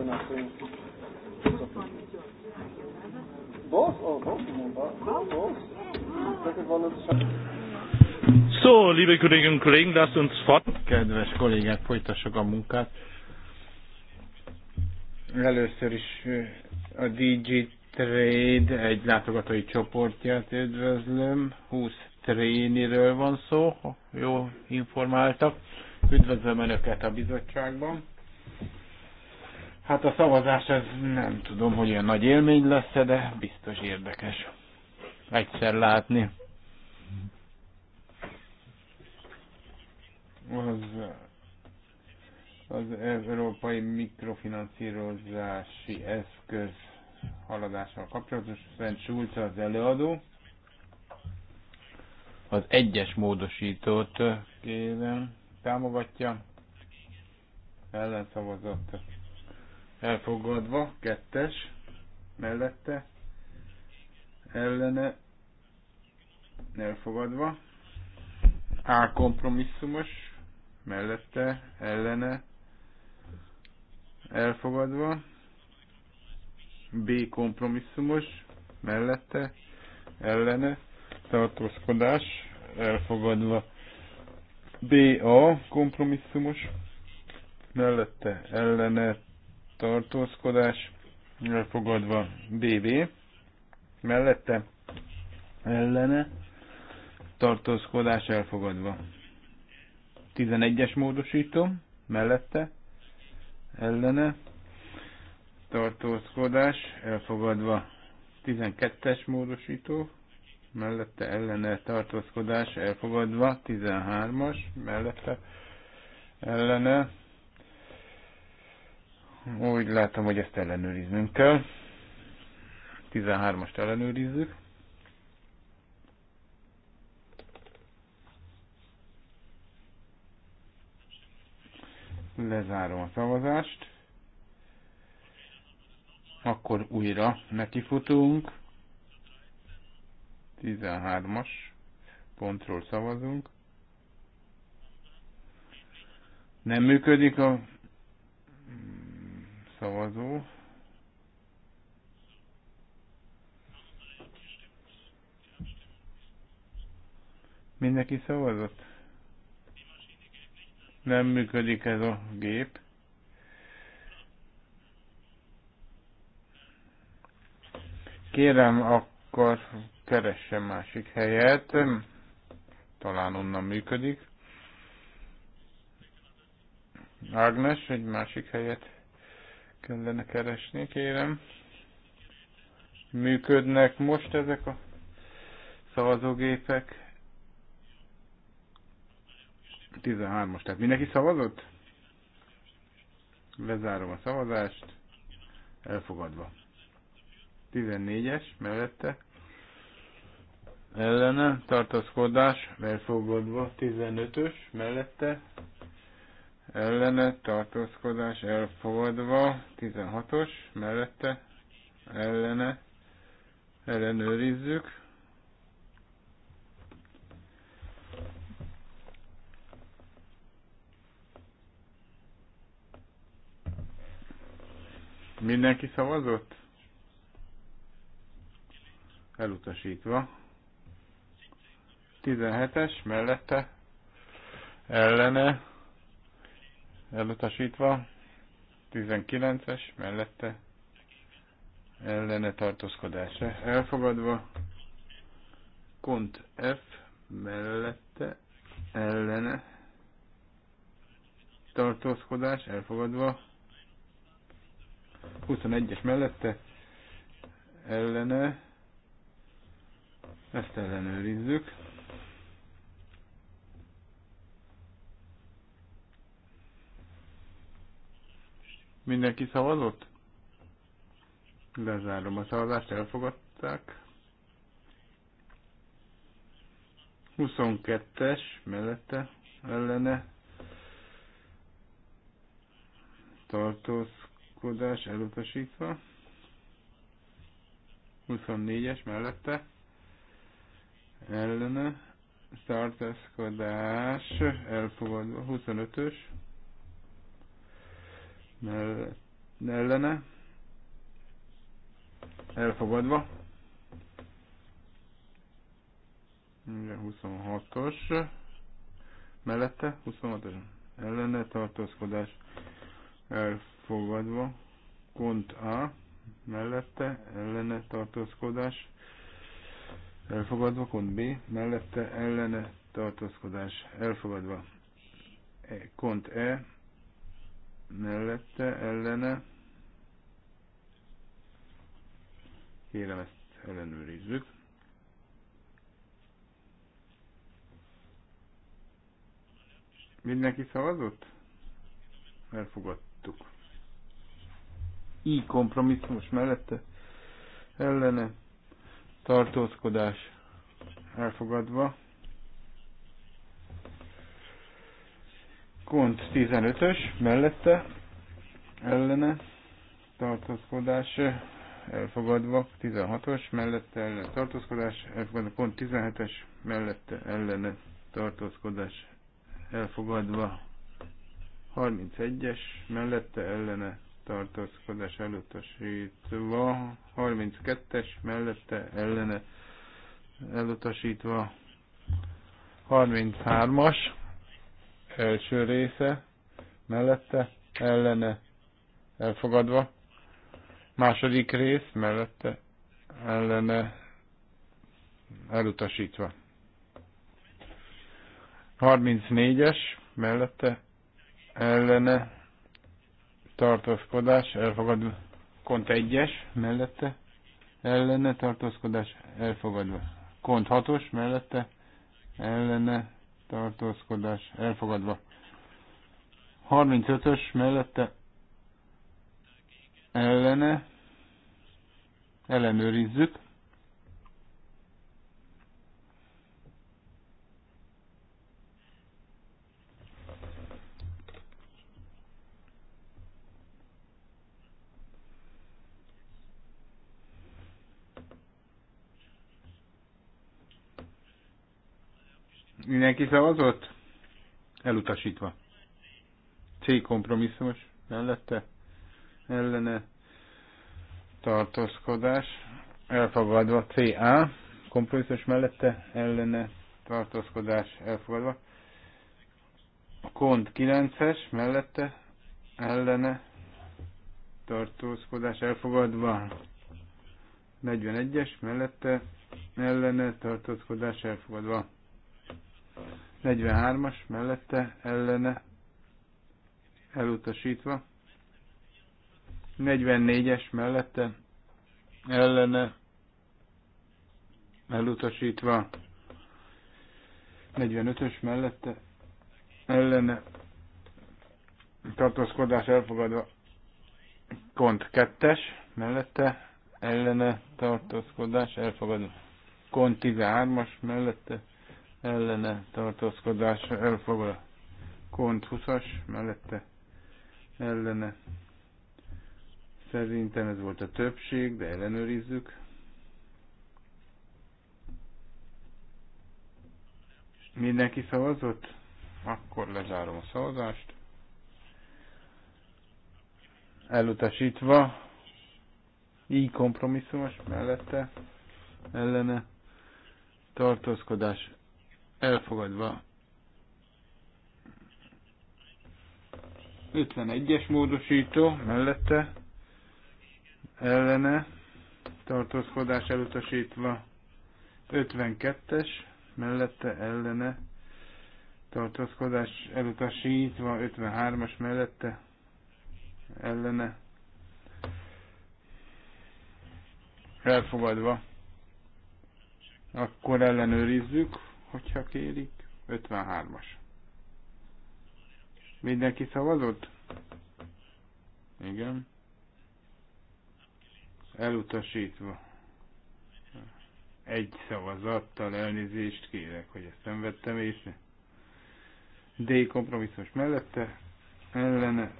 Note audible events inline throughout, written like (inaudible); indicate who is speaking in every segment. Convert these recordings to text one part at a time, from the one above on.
Speaker 1: Szó,
Speaker 2: So, liebe Kolleginnen und Kollegen, lasst uns fort. Kedves kollégák, folytassuk a munkát. Először is a DG Trade egy látogatói csoportját üdvözlöm. 20 tréniről van szó, jó informáltak. Üdvözlöm Önöket a bizottságban. Hát a szavazás, ez nem tudom, hogy olyan nagy élmény lesz -e, de biztos érdekes. Egyszer látni. Az, az európai mikrofinanszírozási eszköz haladással kapcsolatos. Szent Schulz az előadó. Az egyes módosítót kérem, támogatja ellen szavazott elfogadva, kettes, mellette, ellene, elfogadva, A kompromisszumos, mellette, ellene, elfogadva, B kompromisszumos, mellette, ellene, tartózkodás, elfogadva, BA kompromisszumos, mellette ellene tartózkodás elfogadva BB mellette ellene tartózkodás elfogadva 11-es módosító mellette ellene tartózkodás elfogadva 12-es módosító mellette ellene tartózkodás elfogadva 13-as mellette ellene úgy látom, hogy ezt ellenőriznünk kell. 13-ast ellenőrizzük. Lezárom a szavazást. Akkor újra nekifutunk. 13-as pontról szavazunk. Nem működik a szavazó. Mindenki szavazott? Nem működik ez a gép. Kérem, akkor keressen másik helyet. Talán onnan működik. Ágnes, egy másik helyet kellene keresni, kérem. Működnek most ezek a szavazógépek? 13-as, tehát mindenki szavazott? Lezárom a szavazást, elfogadva. 14-es mellette, ellene, tartaszkodás, elfogadva, 15-ös mellette, ellene tartózkodás elfogadva, 16-os mellette ellene ellenőrizzük. Mindenki szavazott? Elutasítva. 17-es mellette ellene elutasítva, 19-es mellette ellene tartózkodása elfogadva, kont F mellette ellene tartózkodás elfogadva, 21-es mellette ellene, ezt ellenőrizzük. Mindenki szavazott? Lezárom a szavazást, elfogadták. 22-es mellette ellene tartózkodás elutasítva. 24-es mellette ellene tartózkodás elfogadva. 25-ös ellene elfogadva. Ugye 26-os mellette, 26-os ellene tartózkodás elfogadva. Kont A mellette ellene tartózkodás elfogadva. Kont B mellette ellene tartózkodás elfogadva. E, Kont E mellette, ellene. Kérem ezt ellenőrizzük. Mindenki szavazott? Elfogadtuk. Így kompromisszumos mellette ellene tartózkodás elfogadva. Kont 15-ös mellette ellene tartózkodás elfogadva, 16-os mellette ellene tartózkodás elfogadva, Kont 17-es mellette ellene tartózkodás elfogadva, 31-es mellette ellene tartózkodás elutasítva, 32-es mellette ellene elutasítva, 33-as első része mellette ellene elfogadva, második rész mellette ellene elutasítva. 34-es mellette ellene tartózkodás elfogadva. Kont 1-es mellette ellene tartózkodás elfogadva. Kont 6-os mellette ellene tartózkodás elfogadva. 35-ös mellette ellene ellenőrizzük. Mindenki szavazott? Elutasítva. C kompromisszumos mellette ellene tartózkodás. Elfogadva CA kompromisszumos mellette ellene tartózkodás elfogadva. Kont 9-es mellette ellene tartózkodás elfogadva. 41-es mellette ellene tartózkodás elfogadva. 43-as mellette ellene elutasítva. 44-es mellette ellene elutasítva. 45-ös mellette ellene tartózkodás elfogadva. Kont 2-es mellette ellene tartózkodás elfogadva. Kont 13-as mellette ellene tartózkodása elfogad. Kont 20-as mellette ellene. Szerintem ez volt a többség, de ellenőrizzük. Mindenki szavazott? Akkor lezárom a szavazást. Elutasítva, így kompromisszumos mellette, ellene, tartózkodás elfogadva. 51-es módosító mellette ellene tartózkodás elutasítva 52-es mellette ellene tartózkodás elutasítva 53-as mellette ellene elfogadva akkor ellenőrizzük hogyha kérik. 53-as. Mindenki szavazott? Igen. Elutasítva. Egy szavazattal elnézést kérek, hogy ezt nem vettem észre. D kompromisszus mellette, ellene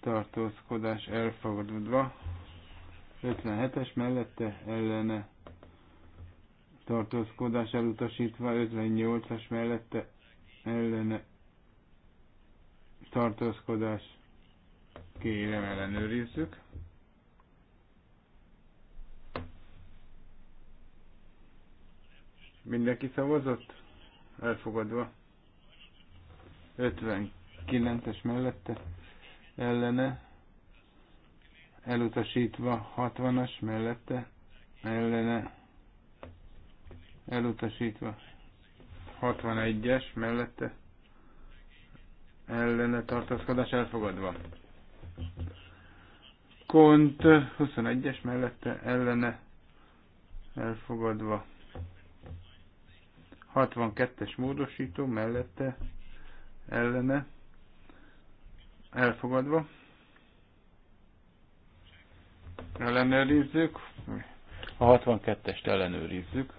Speaker 2: tartózkodás elfogadva. 57-es mellette, ellene tartózkodás elutasítva 58-as mellette ellene tartózkodás kérem ellenőrizzük. Mindenki szavazott? Elfogadva. 59-es mellette ellene elutasítva 60-as mellette ellene elutasítva. 61-es mellette ellene tartózkodás elfogadva. Kont 21-es mellette ellene elfogadva. 62-es módosító mellette ellene elfogadva. Ellenőrizzük. A 62-est ellenőrizzük.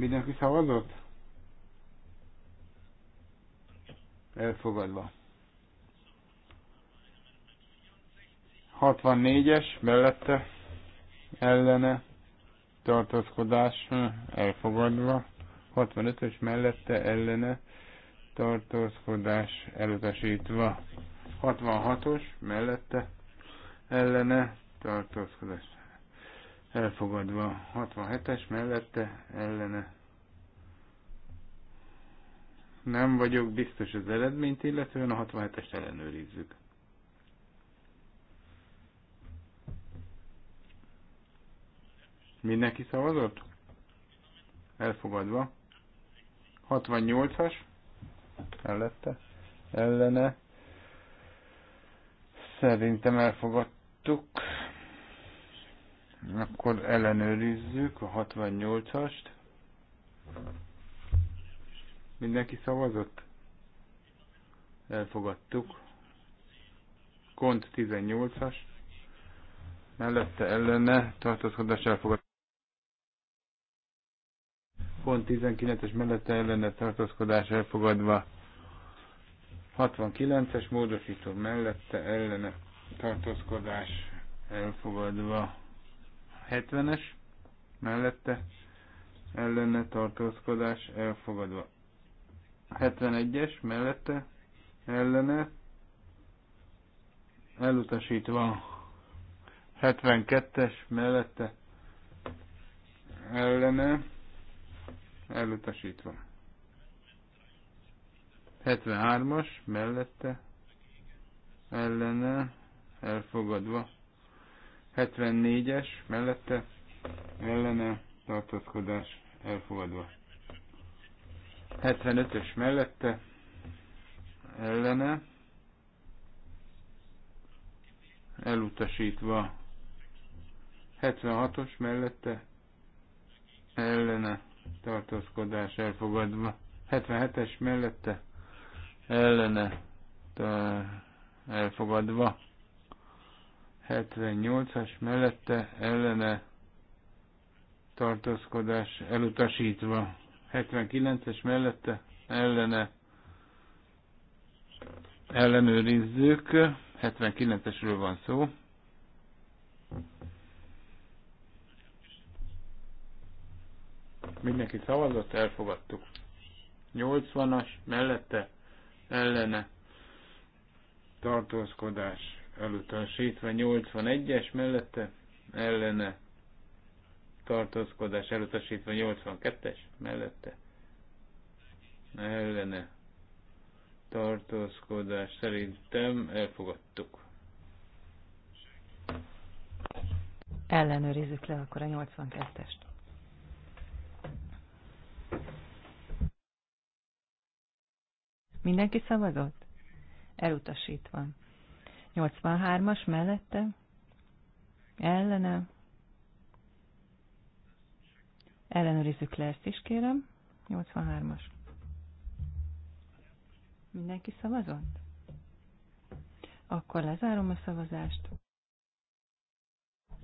Speaker 2: Mindenki szavazott? Elfogadva. 64-es mellette ellene tartózkodás elfogadva. 65-ös mellette ellene tartózkodás elutasítva. 66-os mellette ellene tartózkodás elfogadva 67-es mellette ellene. Nem vagyok biztos az eredményt, illetően a 67-est ellenőrizzük. Mindenki szavazott? Elfogadva. 68-as mellette ellene. Szerintem elfogadtuk. Akkor ellenőrizzük a 68-ast. Mindenki szavazott? Elfogadtuk. Kont 18-as. Mellette ellene tartózkodás elfogadtuk. Kont 19-es mellette ellene tartózkodás elfogadva. 69-es módosító mellette ellene tartózkodás elfogadva. 70-es mellette ellene tartózkodás elfogadva. 71-es mellette ellene elutasítva. 72-es mellette ellene elutasítva. 73-as mellette ellene elfogadva. 74-es mellette ellene tartózkodás elfogadva. 75-ös mellette ellene elutasítva. 76-os mellette ellene tartózkodás elfogadva. 77-es mellette ellene elfogadva. 78-as mellette ellene tartózkodás elutasítva. 79-es mellette ellene ellenőrizzük. 79-esről van szó. Mindenki szavazott, elfogadtuk. 80-as mellette ellene tartózkodás elutasítva 81-es mellette ellene tartózkodás elutasítva 82-es mellette ellene tartózkodás szerintem elfogadtuk.
Speaker 3: Ellenőrizzük le akkor a 82-est. Mindenki szavazott? Elutasítva. 83-as mellette, ellene, ellenőrizzük le ezt is, kérem, 83-as. Mindenki szavazott? Akkor lezárom a szavazást.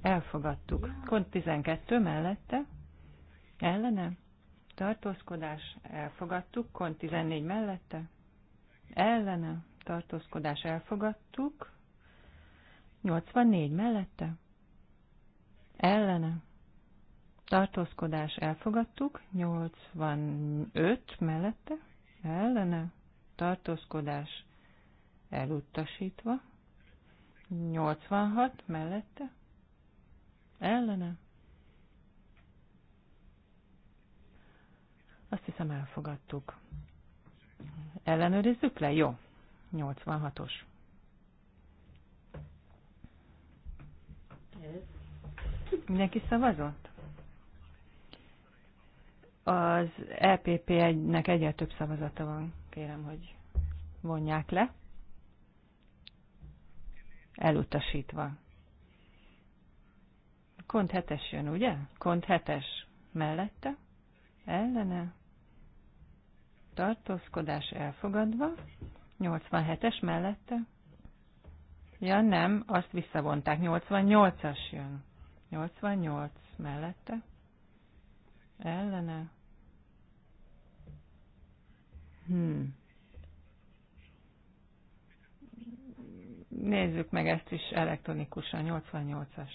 Speaker 3: Elfogadtuk. Kont 12 mellette, ellene, tartózkodás, elfogadtuk. Kont 14 mellette, ellene, tartózkodás, elfogadtuk. 84 mellette, ellene, tartózkodás elfogadtuk, 85 mellette, ellene, tartózkodás elutasítva, 86 mellette, ellene. Azt hiszem elfogadtuk. Ellenőrizzük le? Jó. 86-os. Mindenki szavazott? Az EPP-nek egyre több szavazata van. Kérem, hogy vonják le. Elutasítva. Kont hetes jön, ugye? Kont hetes mellette, ellene, tartózkodás elfogadva, 87-es mellette, Ja nem, azt visszavonták. 88-as jön. 88 mellette. Ellene. Hmm. Nézzük meg ezt is elektronikusan. 88-as.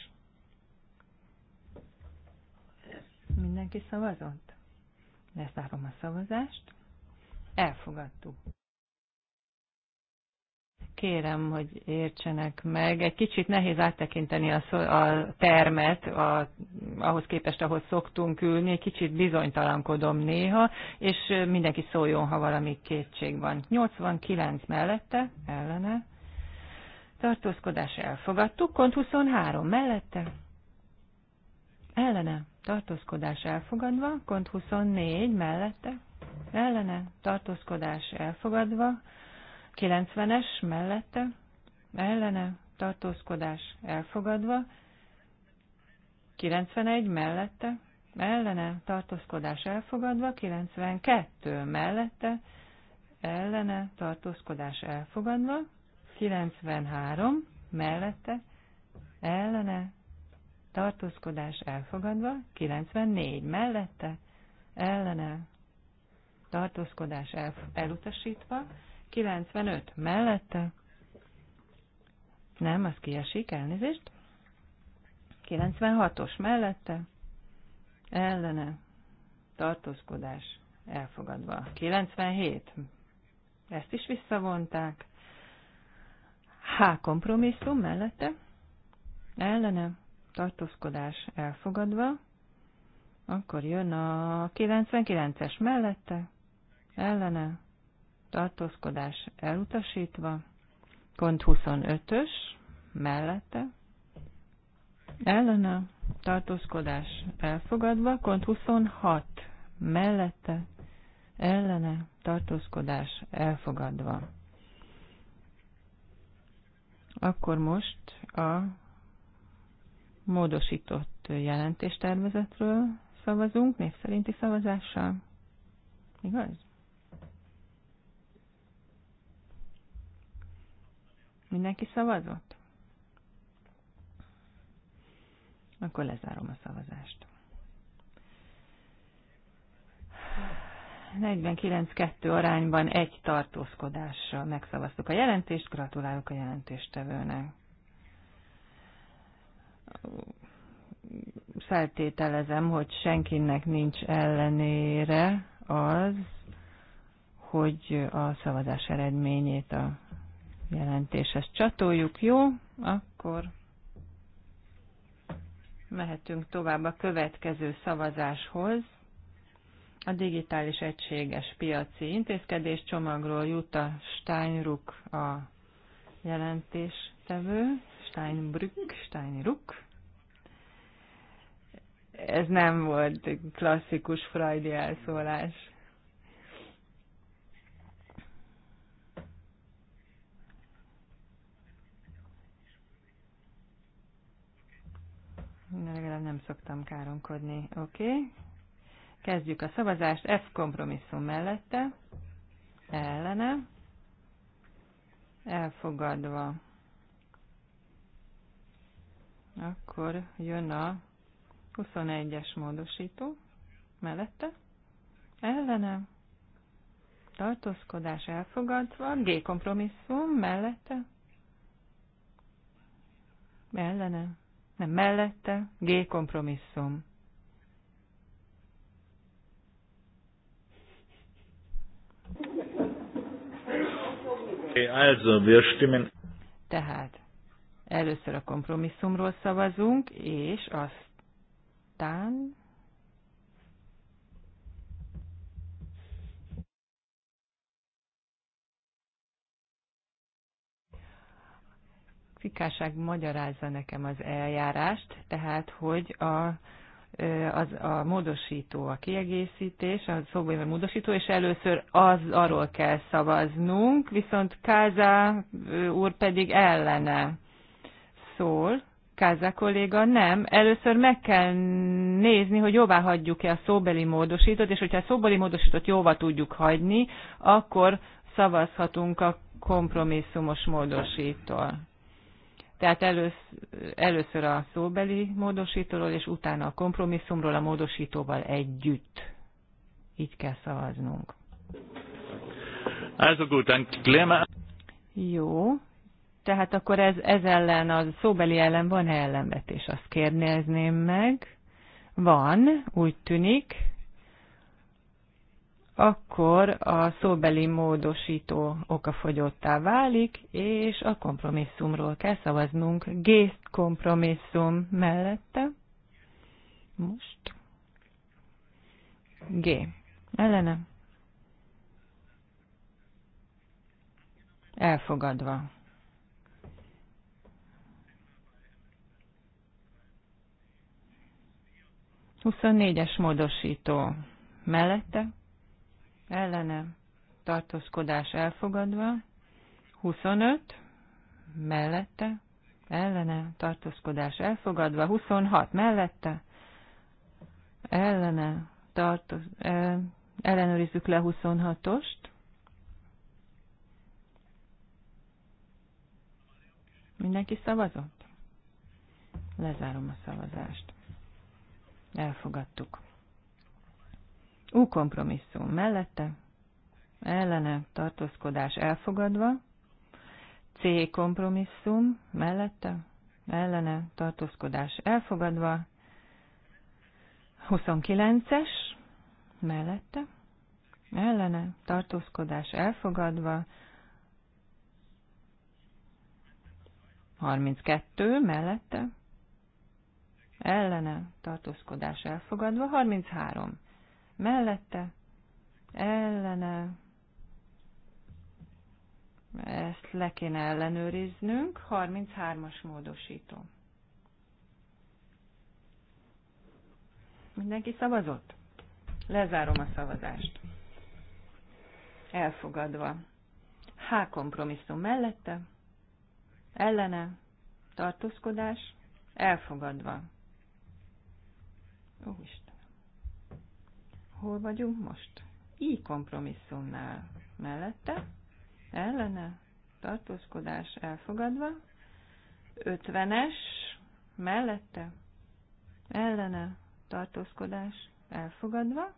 Speaker 3: Mindenki szavazott? Lezárom a szavazást. Elfogadtuk kérem, hogy értsenek meg. Egy kicsit nehéz áttekinteni a, szó, a termet, a, ahhoz képest, ahhoz szoktunk ülni, egy kicsit bizonytalankodom néha, és mindenki szóljon, ha valami kétség van. 89 mellette, ellene, tartózkodás elfogadtuk, kont 23 mellette, ellene, tartózkodás elfogadva, kont 24 mellette, ellene, tartózkodás elfogadva, 90-es mellette, ellene, tartózkodás elfogadva, 91 mellette, ellene, tartózkodás elfogadva, 92 mellette, ellene, tartózkodás elfogadva, 93 mellette, ellene, tartózkodás elfogadva, 94 mellette, ellene, tartózkodás el, elutasítva, 95 mellette. Nem, az kiesik, elnézést. 96-os mellette. Ellene. Tartózkodás elfogadva. 97. Ezt is visszavonták. H kompromisszum mellette. Ellene. Tartózkodás elfogadva. Akkor jön a 99-es mellette. Ellene tartózkodás elutasítva, kont 25-ös, mellette, ellene, tartózkodás elfogadva, kont 26, mellette, ellene, tartózkodás elfogadva. Akkor most a módosított jelentéstervezetről szavazunk, név szerinti szavazással. Igaz? Mindenki szavazott? Akkor lezárom a szavazást. 49-2 arányban egy tartózkodással megszavaztuk a jelentést, gratulálok a jelentéstevőnek. Feltételezem, hogy senkinek nincs ellenére az, hogy a szavazás eredményét a jelentéshez csatoljuk. Jó, akkor mehetünk tovább a következő szavazáshoz. A digitális egységes piaci intézkedés csomagról jut a Steinruck a jelentéstevő, Steinbrück, Steinruck. Ez nem volt klasszikus Freudi elszólás. legalább nem szoktam káromkodni. Oké. Okay. Kezdjük a szavazást. F kompromisszum mellette. Ellene. Elfogadva. Akkor jön a 21-es módosító. Mellette. Ellene. Tartózkodás elfogadva. G kompromisszum mellette. Ellene nem mellette, G kompromisszum. Tehát először a kompromisszumról szavazunk, és aztán fikáság magyarázza nekem az eljárást, tehát hogy a, az, a módosító, a kiegészítés, a szóbeli módosító, és először az arról kell szavaznunk, viszont Káza úr pedig ellene szól, Káza kolléga nem. Először meg kell nézni, hogy jóvá hagyjuk-e a szóbeli módosítót, és hogyha a szóbeli módosítót jóvá tudjuk hagyni, akkor szavazhatunk a kompromisszumos módosítól. Tehát először a szóbeli módosítóról, és utána a kompromisszumról a módosítóval együtt. Így kell szavaznunk. Also gut, Jó. Tehát akkor ez, ez ellen, a szóbeli ellen van-e ellenvetés? Azt kérdezném meg. Van, úgy tűnik akkor a szóbeli módosító okafogyottá válik, és a kompromisszumról kell szavaznunk. Gészt kompromisszum mellette. Most. G. Ellene. Elfogadva. Huszonnégyes módosító mellette ellene tartózkodás elfogadva, 25 mellette, ellene tartózkodás elfogadva, 26 mellette, ellene tartoz, el, ellenőrizzük le 26-ost, Mindenki szavazott? Lezárom a szavazást. Elfogadtuk. Ú. kompromisszum mellette, ellene tartózkodás elfogadva, C kompromisszum mellette, ellene tartózkodás elfogadva, 29-es mellette, ellene tartózkodás elfogadva, 32 mellette, ellene tartózkodás elfogadva, 33 mellette, ellene, ezt le kéne ellenőriznünk, 33-as módosító. Mindenki szavazott? Lezárom a szavazást. Elfogadva. H kompromisszum mellette, ellene, tartózkodás, elfogadva. Ó, isten. Hol vagyunk most? I kompromisszumnál. Mellette? Ellene? Tartózkodás elfogadva. 50-es? Mellette? Ellene? Tartózkodás elfogadva.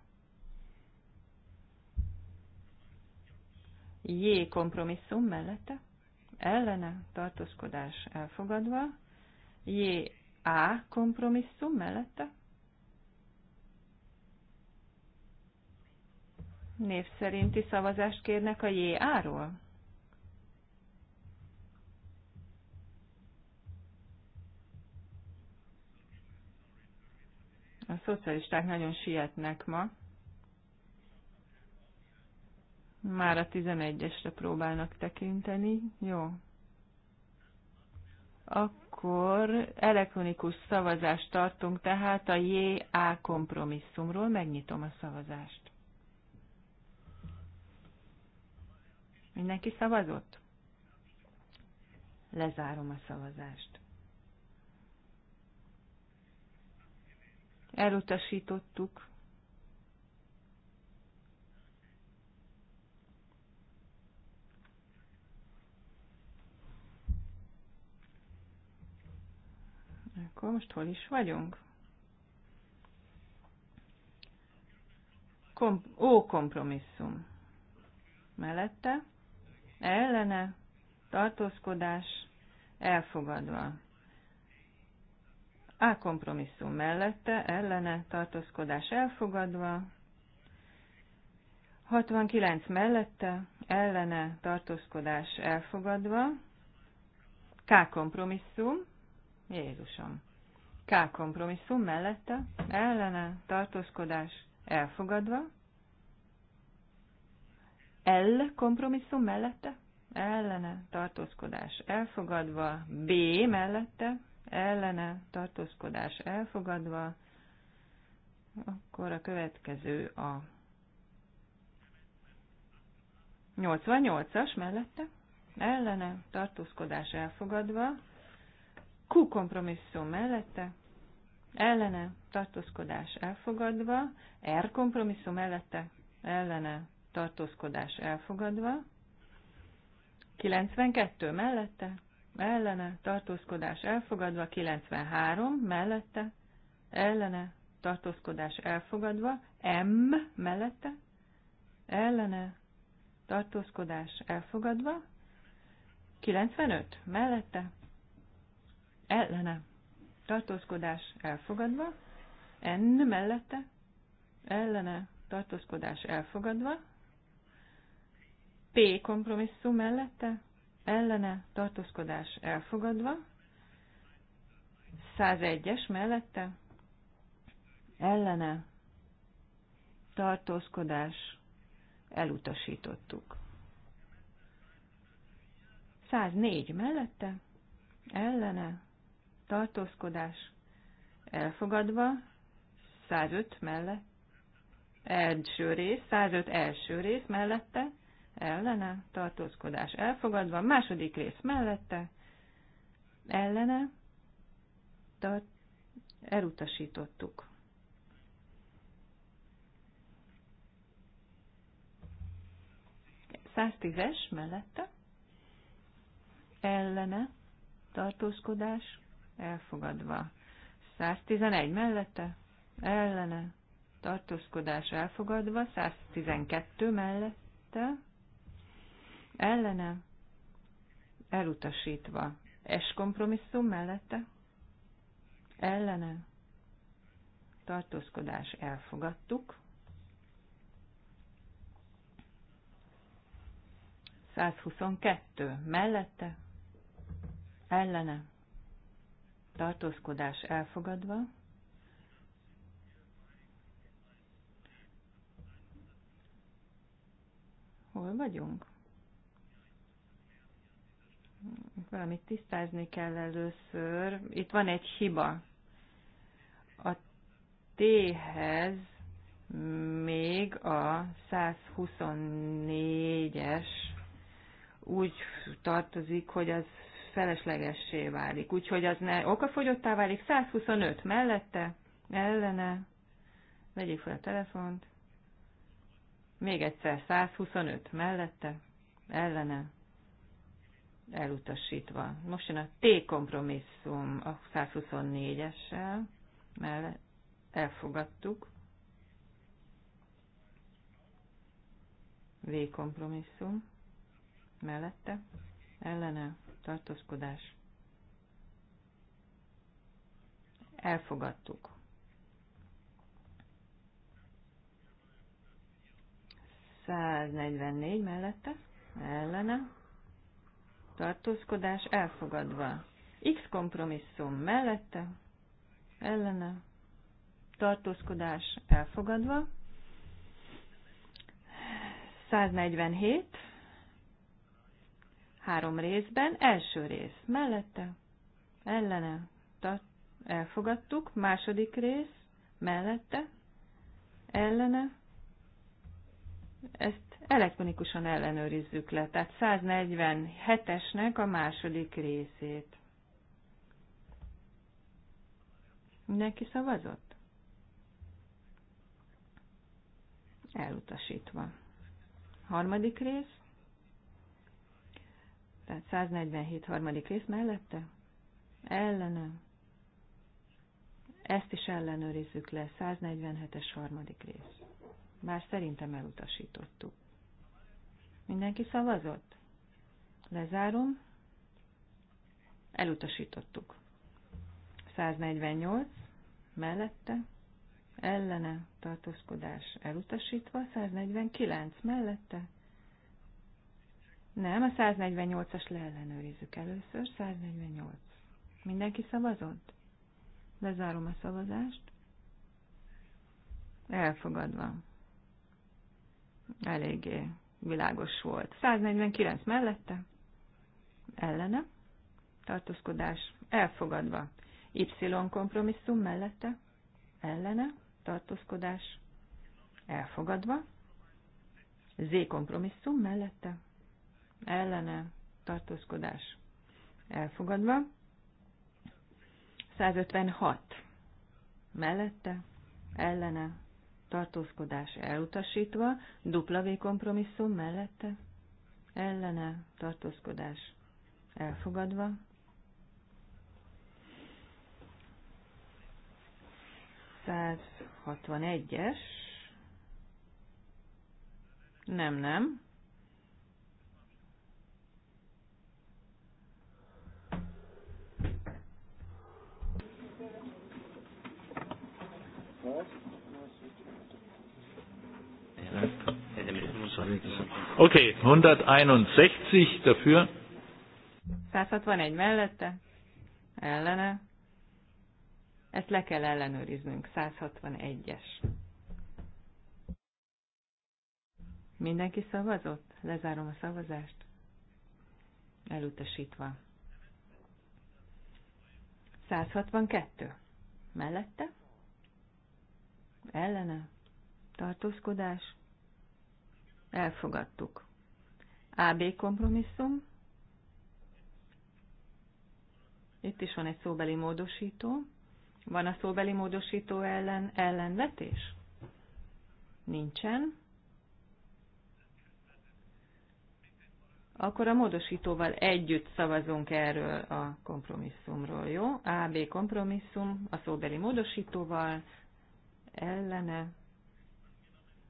Speaker 3: J kompromisszum mellette, ellene tartózkodás elfogadva, J A kompromisszum mellette, név szerinti szavazást kérnek a JA-ról? A szocialisták nagyon sietnek ma. Már a 11-esre próbálnak tekinteni. Jó. Akkor elektronikus szavazást tartunk, tehát a JA kompromisszumról megnyitom a szavazást. Mindenki szavazott? Lezárom a szavazást. Elutasítottuk. Akkor most hol is vagyunk? Kom- ó, kompromisszum. Mellette ellene, tartózkodás, elfogadva. A kompromisszum mellette, ellene, tartózkodás elfogadva. 69 mellette, ellene, tartózkodás elfogadva. K kompromisszum, Jézusom. K kompromisszum mellette, ellene, tartózkodás elfogadva. L kompromisszum mellette, ellene tartózkodás elfogadva, B mellette, ellene tartózkodás elfogadva, akkor a következő a 88-as mellette, ellene tartózkodás elfogadva, Q kompromisszum mellette, ellene tartózkodás elfogadva, R kompromisszum mellette, ellene tartózkodás elfogadva, 92 mellette, ellene, tartózkodás elfogadva, 93 mellette, ellene, tartózkodás elfogadva, M mellette, ellene, tartózkodás elfogadva, 95 mellette, ellene, tartózkodás elfogadva, N mellette, ellene, tartózkodás elfogadva, P kompromisszum mellette, ellene tartózkodás elfogadva, 101-es mellette, ellene tartózkodás elutasítottuk. 104 mellette, ellene tartózkodás elfogadva, 105 mellett, első rész, 105 első rész mellette, ellene, tartózkodás elfogadva, második rész mellette, ellene, tart, elutasítottuk. Száztízes mellette, ellene, tartózkodás elfogadva. 111 mellette, ellene, tartózkodás elfogadva, 112 mellette, ellene, elutasítva. es kompromisszum mellette, ellene, tartózkodás elfogadtuk. 122 mellette, ellene, tartózkodás elfogadva. Hol vagyunk? Valamit tisztázni kell először. Itt van egy hiba. A T-hez még a 124-es úgy tartozik, hogy az feleslegessé válik. Úgyhogy az ne okafogyottá válik, 125 mellette, ellene, vegyék fel a telefont, még egyszer 125 mellette, ellene, elutasítva. Most jön a T kompromisszum a 124-essel, mellett elfogadtuk. V kompromisszum mellette, ellene tartózkodás. Elfogadtuk. negyvennégy mellette, ellene tartózkodás elfogadva. X kompromisszum mellette, ellene, tartózkodás elfogadva. 147, három részben, első rész mellette, ellene, tart, elfogadtuk, második rész mellette, ellene, ezt elektronikusan ellenőrizzük le, tehát 147-esnek a második részét. Mindenki szavazott? Elutasítva. Harmadik rész. Tehát 147 harmadik rész mellette? Ellenem. Ezt is ellenőrizzük le. 147-es harmadik rész. Már szerintem elutasítottuk. Mindenki szavazott? Lezárom. Elutasítottuk. 148 mellette, ellene tartózkodás elutasítva, 149 mellette. Nem, a 148-as leellenőrizzük először, 148. Mindenki szavazott? Lezárom a szavazást. Elfogadva. Eléggé világos volt. 149 mellette, ellene, tartózkodás elfogadva. Y kompromisszum mellette, ellene, tartózkodás elfogadva. Z kompromisszum mellette, ellene, tartózkodás elfogadva. 156 mellette, ellene, tartózkodás elutasítva, W kompromisszum mellette, ellene tartózkodás elfogadva, es nem, nem, Thank
Speaker 2: Okay, 161 dafür.
Speaker 3: 161 mellette, ellene. Ezt le kell ellenőriznünk, 161-es. Mindenki szavazott? Lezárom a szavazást. Elutasítva. 162. Mellette? ellene, tartózkodás, elfogadtuk. AB kompromisszum, itt is van egy szóbeli módosító, van a szóbeli módosító ellen ellenvetés? Nincsen. Akkor a módosítóval együtt szavazunk erről a kompromisszumról, jó? AB kompromisszum a szóbeli módosítóval, ellene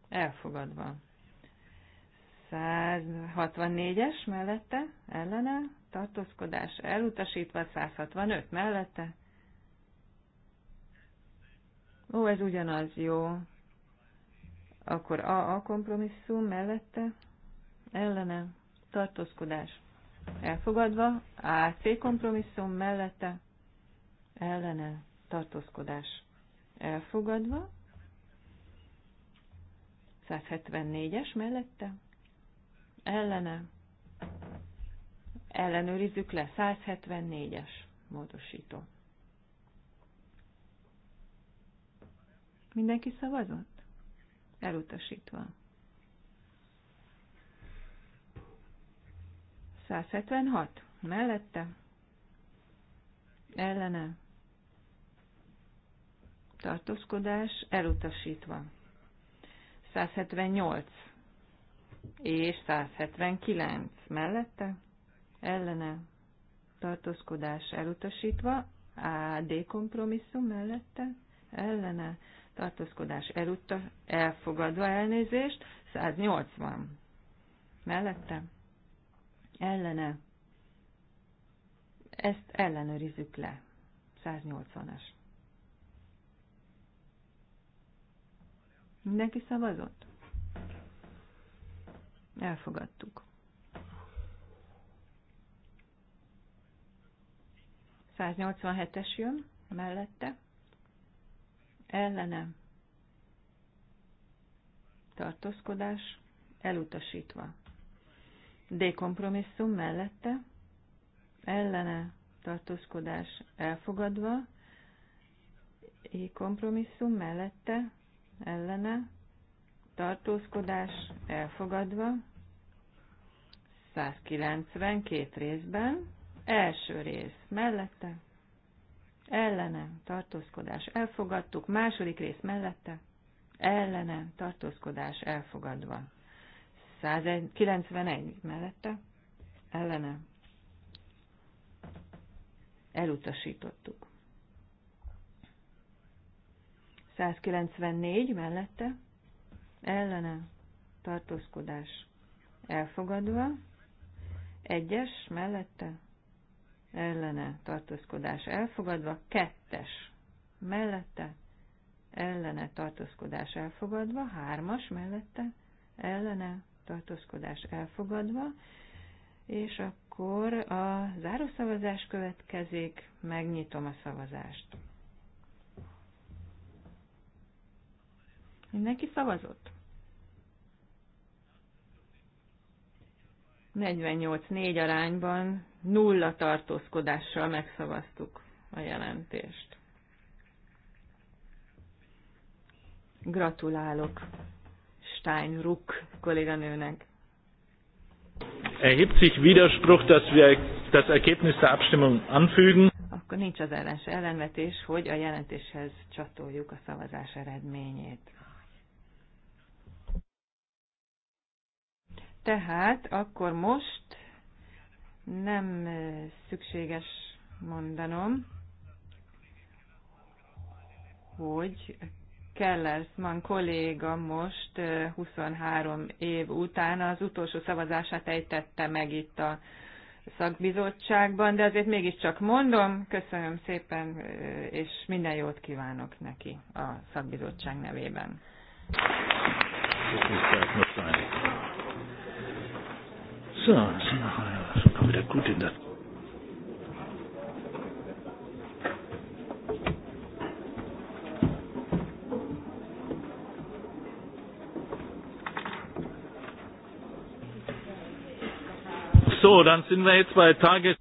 Speaker 3: elfogadva. 164-es mellette ellene tartózkodás elutasítva, 165 mellette. Ó, ez ugyanaz jó. Akkor a, a kompromisszum mellette ellene tartózkodás elfogadva, AC kompromisszum mellette ellene tartózkodás elfogadva. 174-es mellette, ellene, ellenőrizzük le, 174-es módosító. Mindenki szavazott? Elutasítva. 176. Mellette? Ellene? tartózkodás elutasítva. 178 és 179 mellette ellene tartózkodás elutasítva, AD kompromisszum mellette ellene tartózkodás elutta, elfogadva elnézést, 180 mellette ellene ezt ellenőrizzük le. 180-as. Mindenki szavazott? Elfogadtuk. 187-es jön mellette. Ellenem. Tartózkodás elutasítva. D mellette. Ellene tartózkodás elfogadva. E kompromisszum mellette ellene, tartózkodás elfogadva, 192 részben, első rész mellette, ellene, tartózkodás elfogadtuk, második rész mellette, ellene, tartózkodás elfogadva, 191 mellette, ellene, elutasítottuk. 194 mellette ellene tartózkodás elfogadva, egyes mellette ellene tartózkodás elfogadva, kettes mellette ellene tartózkodás elfogadva, hármas mellette ellene tartózkodás elfogadva, és akkor a zárószavazás következik, megnyitom a szavazást. Mindenki szavazott? 48-4 arányban nulla tartózkodással megszavaztuk a jelentést. Gratulálok Steinruck kolléganőnek.
Speaker 2: Erhebt sich Widerspruch, dass wir das Ergebnis der Abstimmung anfügen?
Speaker 3: Akkor nincs az ellens ellenvetés, hogy a jelentéshez csatoljuk a szavazás eredményét. Tehát akkor most nem eh, szükséges mondanom, hogy Kellersman kolléga most 23 eh, év után az utolsó szavazását ejtette meg itt a szakbizottságban, de azért mégiscsak mondom, köszönöm szépen, eh, és minden jót kívánok neki a szakbizottság nevében.
Speaker 1: Köszönöm. So, sind wir schon mal wieder gut in der
Speaker 2: So, dann sind wir jetzt bei Tages...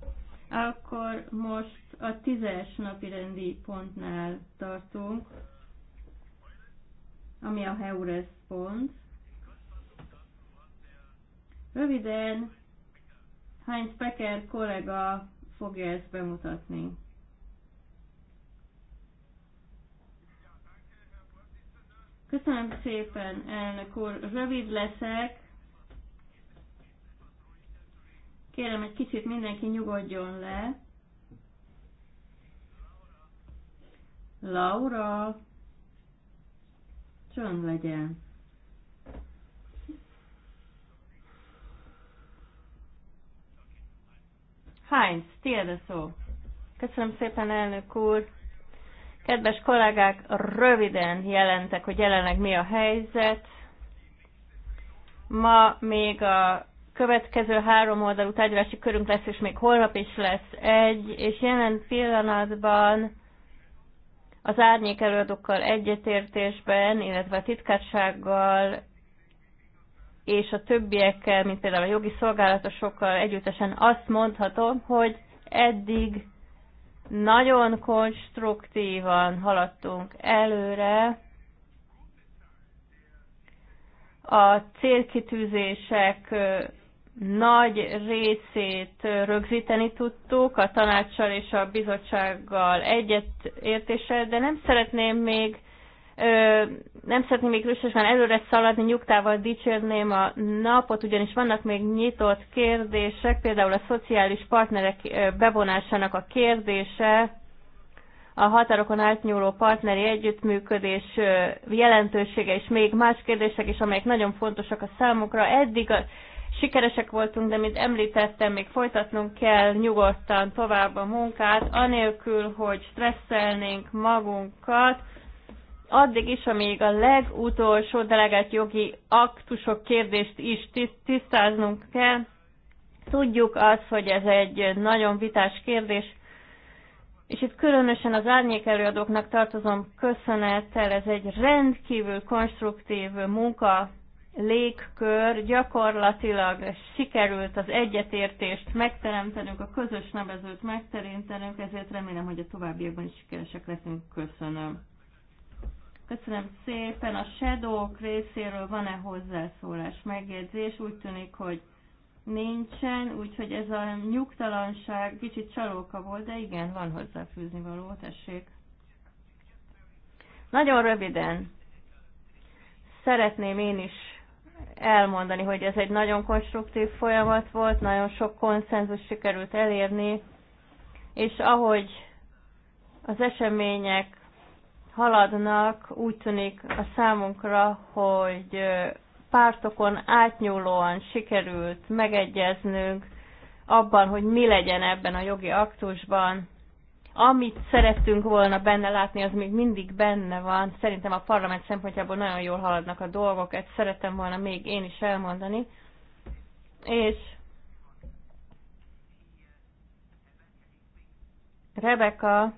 Speaker 4: Akkor most a tízes napi rendi pontnál tartunk, ami a Heures pont. Röviden Heinz Pecker kollega fogja ezt bemutatni. Köszönöm szépen, elnök úr. Rövid leszek. Kérem, egy kicsit mindenki nyugodjon le. Laura, csönd legyen. Heinz, tiéd a szó. Köszönöm szépen, elnök úr. Kedves kollégák, röviden jelentek, hogy jelenleg mi a helyzet. Ma még a következő három oldalú tárgyalási körünk lesz, és még holnap is lesz egy, és jelen pillanatban az árnyék előadókkal egyetértésben, illetve a titkársággal és a többiekkel, mint például a jogi szolgálatosokkal együttesen azt mondhatom, hogy eddig nagyon konstruktívan haladtunk előre, a célkitűzések nagy részét rögzíteni tudtuk a tanácssal és a bizottsággal egyetértéssel, de nem szeretném még nem szeretném még különösen előre szaladni, nyugtával dicsérném a napot, ugyanis vannak még nyitott kérdések, például a szociális partnerek bevonásának a kérdése, a határokon átnyúló partneri együttműködés jelentősége, és még más kérdések is, amelyek nagyon fontosak a számukra. Eddig a, sikeresek voltunk, de mint említettem, még folytatnunk kell nyugodtan tovább a munkát, anélkül, hogy stresszelnénk magunkat, addig is, amíg a legutolsó delegált jogi aktusok kérdést is tisztáznunk kell. Tudjuk azt, hogy ez egy nagyon vitás kérdés, és itt különösen az árnyék előadóknak tartozom köszönettel, ez egy rendkívül konstruktív munka légkör, gyakorlatilag sikerült az egyetértést megteremtenünk, a közös nevezőt megterintenünk, ezért remélem, hogy a továbbiakban is sikeresek leszünk. Köszönöm. Köszönöm szépen. A shadow részéről van-e hozzászólás, megjegyzés? Úgy tűnik, hogy nincsen, úgyhogy ez a nyugtalanság kicsit csalóka volt, de igen, van hozzáfűzni való, tessék. Nagyon röviden. Szeretném én is elmondani, hogy ez egy nagyon konstruktív folyamat volt, nagyon sok konszenzus sikerült elérni, és ahogy az események haladnak, úgy tűnik a számunkra, hogy pártokon átnyúlóan sikerült megegyeznünk abban, hogy mi legyen ebben a jogi aktusban. Amit szerettünk volna benne látni, az még mindig benne van. Szerintem a parlament szempontjából nagyon jól haladnak a dolgok, ezt szeretem volna még én is elmondani. És Rebecca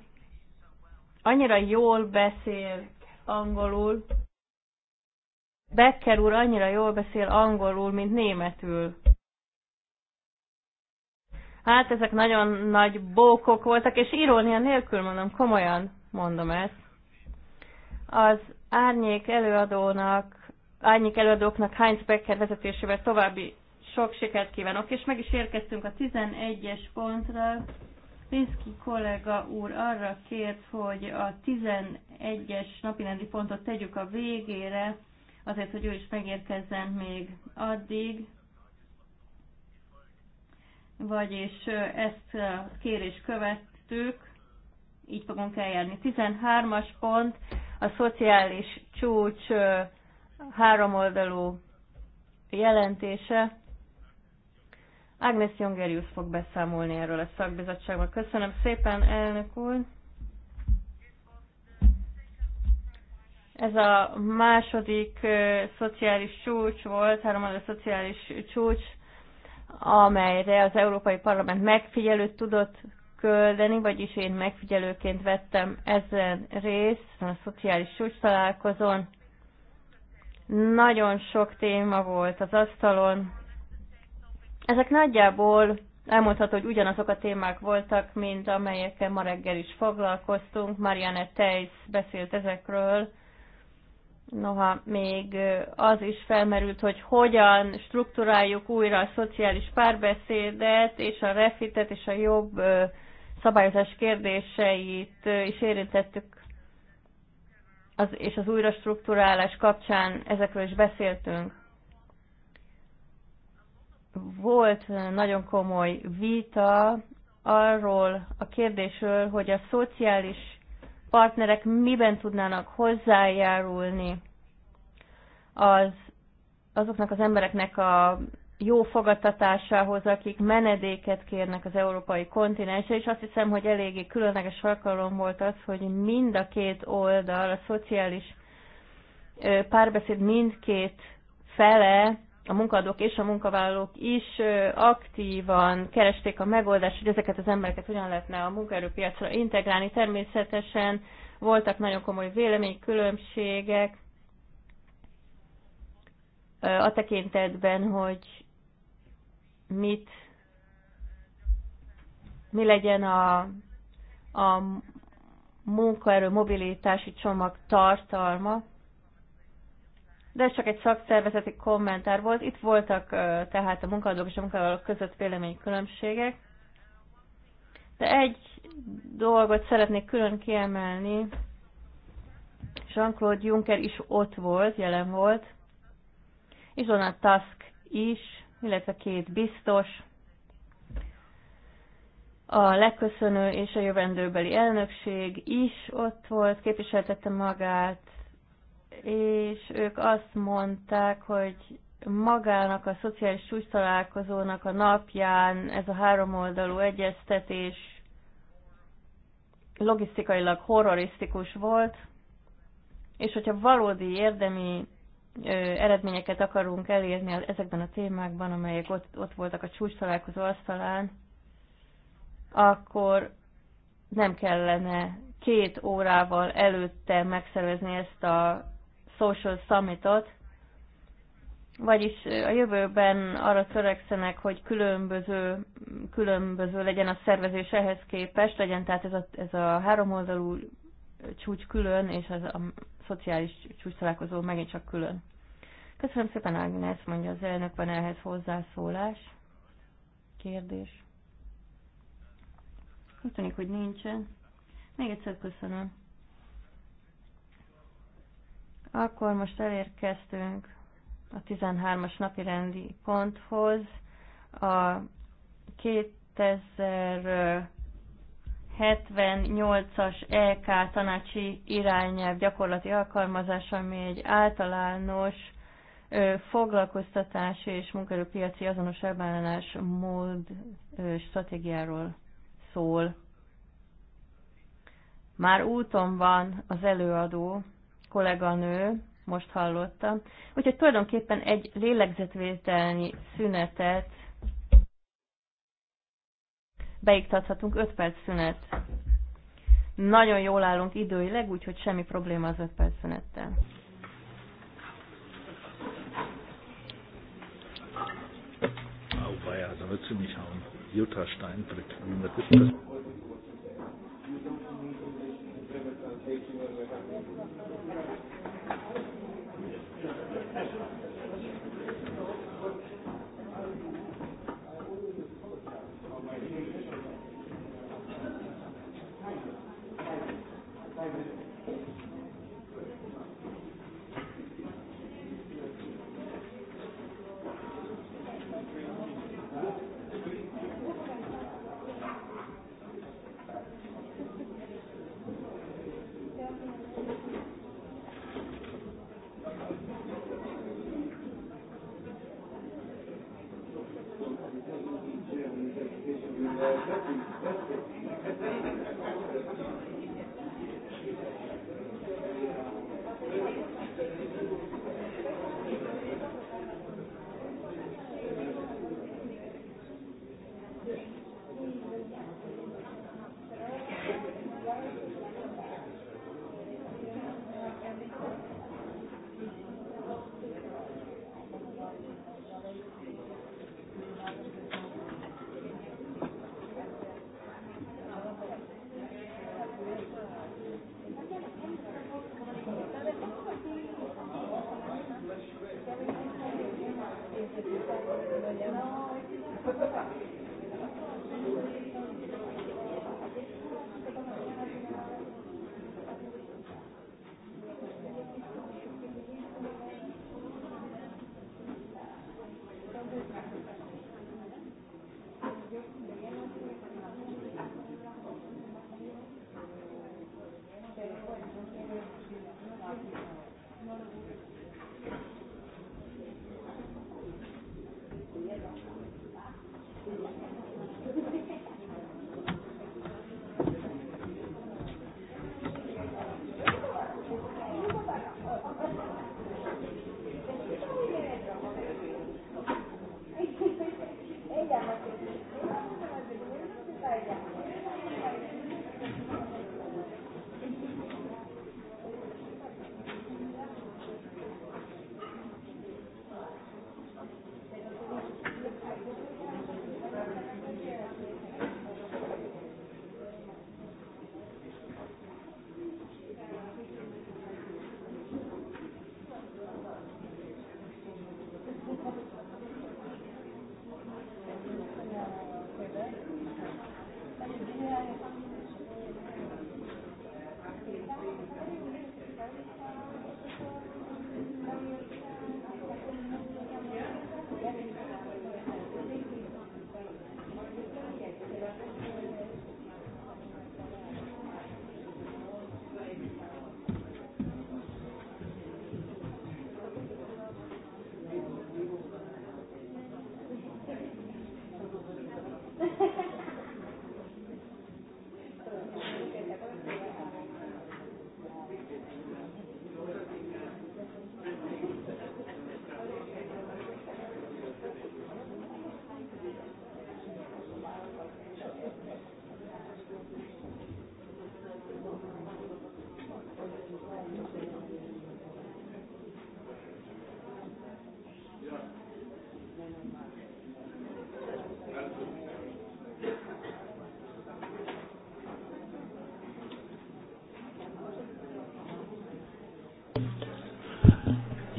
Speaker 4: annyira jól beszél angolul, Becker úr annyira jól beszél angolul, mint németül. Hát ezek nagyon nagy bókok voltak, és irónia nélkül mondom, komolyan mondom ezt. Az árnyék előadónak, árnyék előadóknak Heinz Becker vezetésével további sok sikert kívánok, és meg is érkeztünk a 11-es pontra. Pénzki kollega úr arra kért, hogy a 11-es napirendi pontot tegyük a végére, azért, hogy ő is megérkezzen még addig, vagyis ezt a kérés követtük, így fogunk eljárni. 13-as pont a szociális csúcs háromoldalú jelentése. Agnes Jongerius fog beszámolni erről a szakbizottságban. Köszönöm szépen, elnök úr! Ez a második szociális csúcs volt, a szociális csúcs, amelyre az Európai Parlament megfigyelőt tudott küldeni, vagyis én megfigyelőként vettem ezen részt, a szociális csúcs találkozón. Nagyon sok téma volt az asztalon, ezek nagyjából elmondható, hogy ugyanazok a témák voltak, mint amelyekkel ma reggel is foglalkoztunk. Marianne Teis beszélt ezekről. Noha még az is felmerült, hogy hogyan strukturáljuk újra a szociális párbeszédet és a refitet és a jobb szabályozás kérdéseit is érintettük, az, és az struktúrálás kapcsán ezekről is beszéltünk volt nagyon komoly vita arról a kérdésről, hogy a szociális partnerek miben tudnának hozzájárulni az, azoknak az embereknek a jó fogadtatásához, akik menedéket kérnek az európai kontinensre, és azt hiszem, hogy eléggé különleges alkalom volt az, hogy mind a két oldal, a szociális párbeszéd mindkét fele a munkadók és a munkavállalók is aktívan keresték a megoldást, hogy ezeket az embereket hogyan lehetne a munkaerőpiacra integrálni. Természetesen voltak nagyon komoly véleménykülönbségek a tekintetben, hogy mit, mi legyen a, a munkaerő mobilitási csomag tartalma, de ez csak egy szakszervezeti kommentár volt. Itt voltak tehát a munkadók és a munkavállalók között véleménykülönbségek. De egy dolgot szeretnék külön kiemelni. Jean-Claude Juncker is ott volt, jelen volt, és Donald Tusk is, illetve két biztos, a legköszönő és a jövendőbeli elnökség is ott volt, képviseltette magát, és ők azt mondták, hogy magának a szociális csúcs találkozónak a napján ez a háromoldalú egyeztetés logisztikailag horrorisztikus volt, és hogyha valódi érdemi ö, eredményeket akarunk elérni ezekben a témákban, amelyek ott, ott voltak a csúcs találkozó asztalán, akkor nem kellene két órával előtte megszervezni ezt a Social Summitot, vagyis a jövőben arra törekszenek, hogy különböző, különböző legyen a szervezés ehhez képest, legyen tehát ez a, ez a háromoldalú csúcs külön, és az a szociális csúcs találkozó megint csak külön. Köszönöm szépen, Ágnes, mondja az elnök, van ehhez hozzászólás, kérdés. Úgy tűnik, hogy nincsen. Még egyszer köszönöm. Akkor most elérkeztünk a 13-as napi rendi ponthoz. A 2078-as EK tanácsi irányelv gyakorlati alkalmazása, ami egy általános foglalkoztatási és munkaerőpiaci azonos elvállalás mód stratégiáról szól. Már úton van az előadó, kolléganő, most hallottam. Úgyhogy tulajdonképpen egy lélegzetvételnyi szünetet beiktathatunk, 5 perc szünet. Nagyon jól állunk időileg, úgyhogy semmi probléma az 5 perc szünettel.
Speaker 1: Jutta Steinbrück, wie man das Thank you.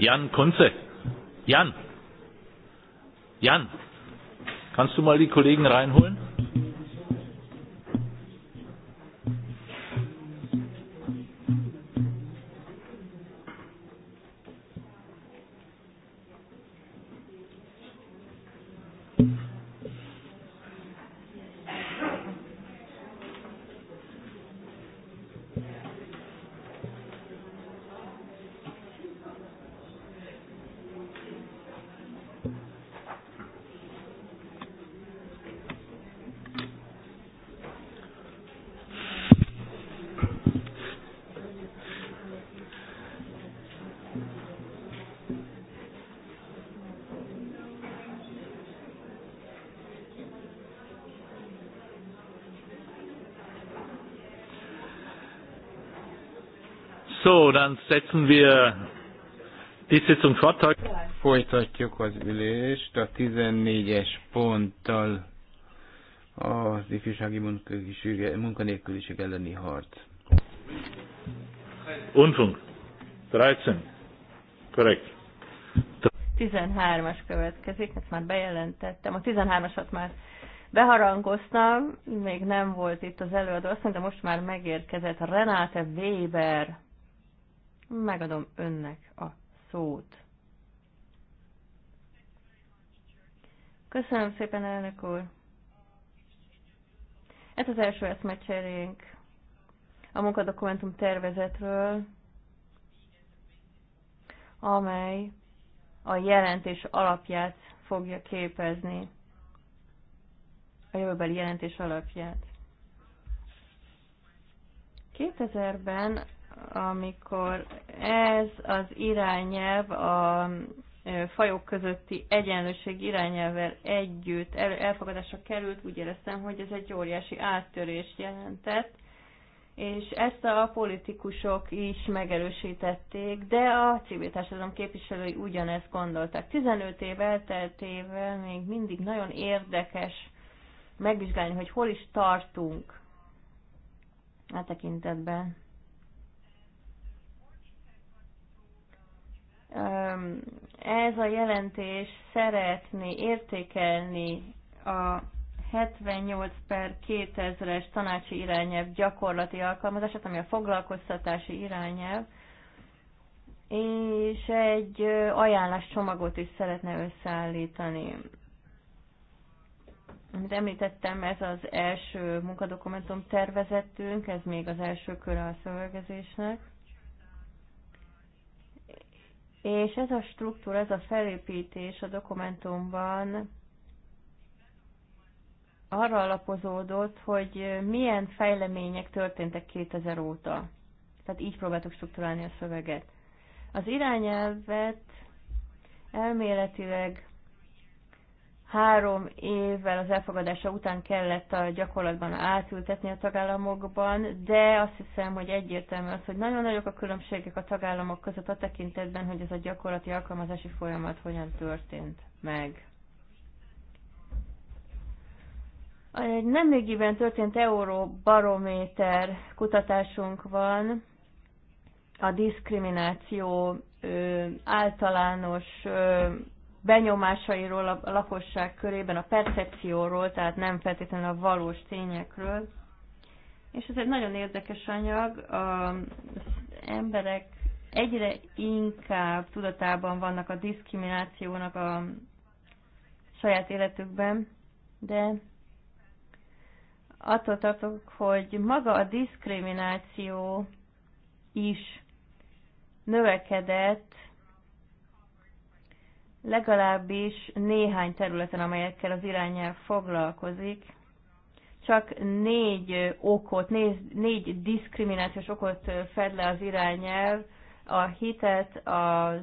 Speaker 2: Jan Kunze. Jan. Jan. Kannst du mal die Kollegen reinholen? So, dann setzen wir
Speaker 3: die Sitzung fort.
Speaker 2: Folytatjuk az ülést a 14-es ponttal az ifjúsági munkanélküliség elleni harc. Unfunk. 13. Korrekt.
Speaker 4: 13-as következik, ezt már bejelentettem. A 13-asat már beharangoztam, még nem volt itt az előadó, azt mondta, most már megérkezett Renáte Weber megadom önnek a szót. Köszönöm szépen, elnök úr! Ez az első eszmecserénk a munkadokumentum tervezetről, amely a jelentés alapját fogja képezni, a jövőbeli jelentés alapját. 2000-ben, amikor ez az irányelv a fajok közötti egyenlőség irányelvvel együtt elfogadásra került, úgy éreztem, hogy ez egy óriási áttörést jelentett, és ezt a politikusok is megerősítették, de a civil társadalom képviselői ugyanezt gondolták. 15 év elteltével még mindig nagyon érdekes megvizsgálni, hogy hol is tartunk a tekintetben. ez a jelentés szeretné értékelni a 78 per 2000-es tanácsi irányelv gyakorlati alkalmazását, ami a foglalkoztatási irányelv, és egy ajánlás csomagot is szeretne összeállítani. Amit említettem, ez az első munkadokumentum tervezettünk, ez még az első köre a szövegezésnek és ez a struktúra, ez a felépítés a dokumentumban arra alapozódott, hogy milyen fejlemények történtek 2000 óta. Tehát így próbáltuk struktúrálni a szöveget. Az irányelvet elméletileg három évvel az elfogadása után kellett a gyakorlatban átültetni a tagállamokban, de azt hiszem, hogy egyértelmű az, hogy nagyon nagyok a különbségek a tagállamok között a tekintetben, hogy ez a gyakorlati alkalmazási folyamat hogyan történt meg. Egy nemrégiben történt euróbarométer kutatásunk van a diszkrimináció általános benyomásairól a lakosság körében, a percepcióról, tehát nem feltétlenül a valós tényekről. És ez egy nagyon érdekes anyag, az emberek egyre inkább tudatában vannak a diszkriminációnak a saját életükben, de attól tartok, hogy maga a diszkrimináció is növekedett legalábbis néhány területen, amelyekkel az irányelv foglalkozik, csak négy okot, négy, négy diszkriminációs okot fed le az irányelv, a hitet, az,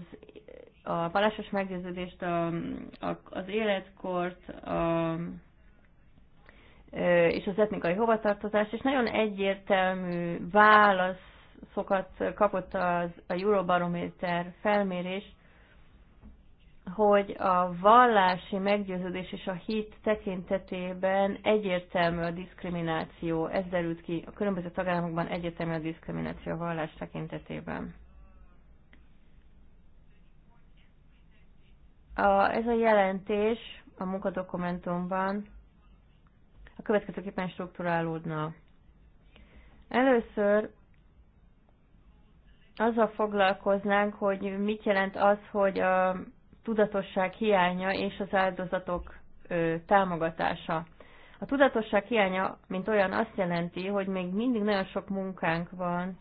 Speaker 4: a vallásos meggyőződést, a, a, az életkort, a, és az etnikai hovatartozást, és nagyon egyértelmű válaszokat kapott az, a Eurobarométer felmérés, hogy a vallási meggyőződés és a hit tekintetében egyértelmű a diszkrimináció. Ez derült ki a különböző tagállamokban egyértelmű a diszkrimináció a vallás tekintetében. A, ez a jelentés a munkadokumentumban a következőképpen struktúrálódna. Először azzal foglalkoznánk, hogy mit jelent az, hogy a tudatosság hiánya és az áldozatok támogatása. A tudatosság hiánya, mint olyan, azt jelenti, hogy még mindig nagyon sok munkánk van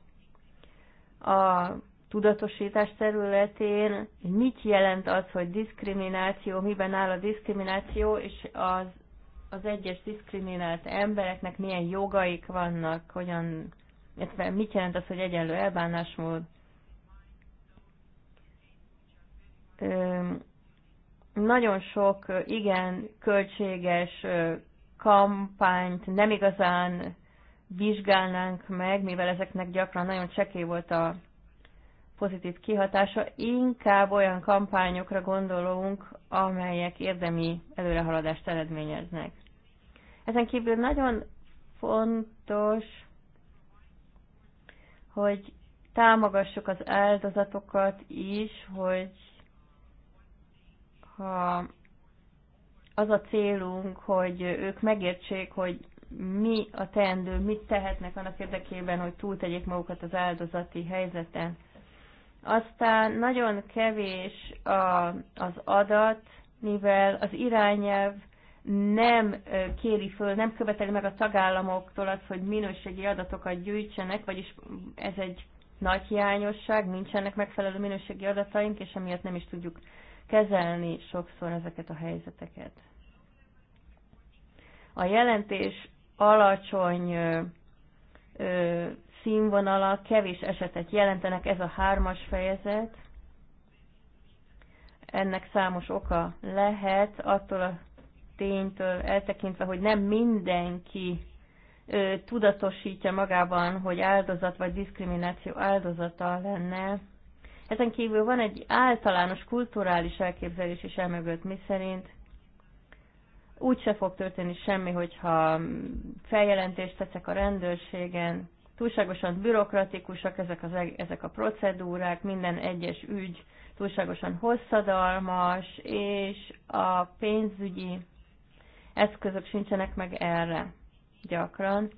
Speaker 4: a tudatosítás területén, mit jelent az, hogy diszkrimináció, miben áll a diszkrimináció, és az, az egyes diszkriminált embereknek milyen jogaik vannak, hogyan, mit jelent az, hogy egyenlő elbánásmód nagyon sok igen költséges kampányt nem igazán vizsgálnánk meg, mivel ezeknek gyakran nagyon csekély volt a pozitív kihatása, inkább olyan kampányokra gondolunk, amelyek érdemi előrehaladást eredményeznek. Ezen kívül nagyon fontos, hogy támogassuk az áldozatokat is, hogy ha az a célunk, hogy ők megértsék, hogy mi a teendő, mit tehetnek annak érdekében, hogy túltegyék magukat az áldozati helyzeten. Aztán nagyon kevés a, az adat, mivel az irányelv nem kéri föl, nem követeli meg a tagállamoktól azt, hogy minőségi adatokat gyűjtsenek, vagyis ez egy nagy hiányosság, nincsenek megfelelő minőségi adataink, és emiatt nem is tudjuk kezelni sokszor ezeket a helyzeteket. A jelentés alacsony ö, színvonala kevés esetet jelentenek, ez a hármas fejezet. Ennek számos oka lehet, attól a ténytől eltekintve, hogy nem mindenki ö, tudatosítja magában, hogy áldozat vagy diszkrimináció áldozata lenne, ezen kívül van egy általános kulturális elképzelés is emögött, mi szerint úgy se fog történni semmi, hogyha feljelentést teszek a rendőrségen, túlságosan bürokratikusak ezek, az, e- ezek a procedúrák, minden egyes ügy túlságosan hosszadalmas, és a pénzügyi eszközök sincsenek meg erre gyakran.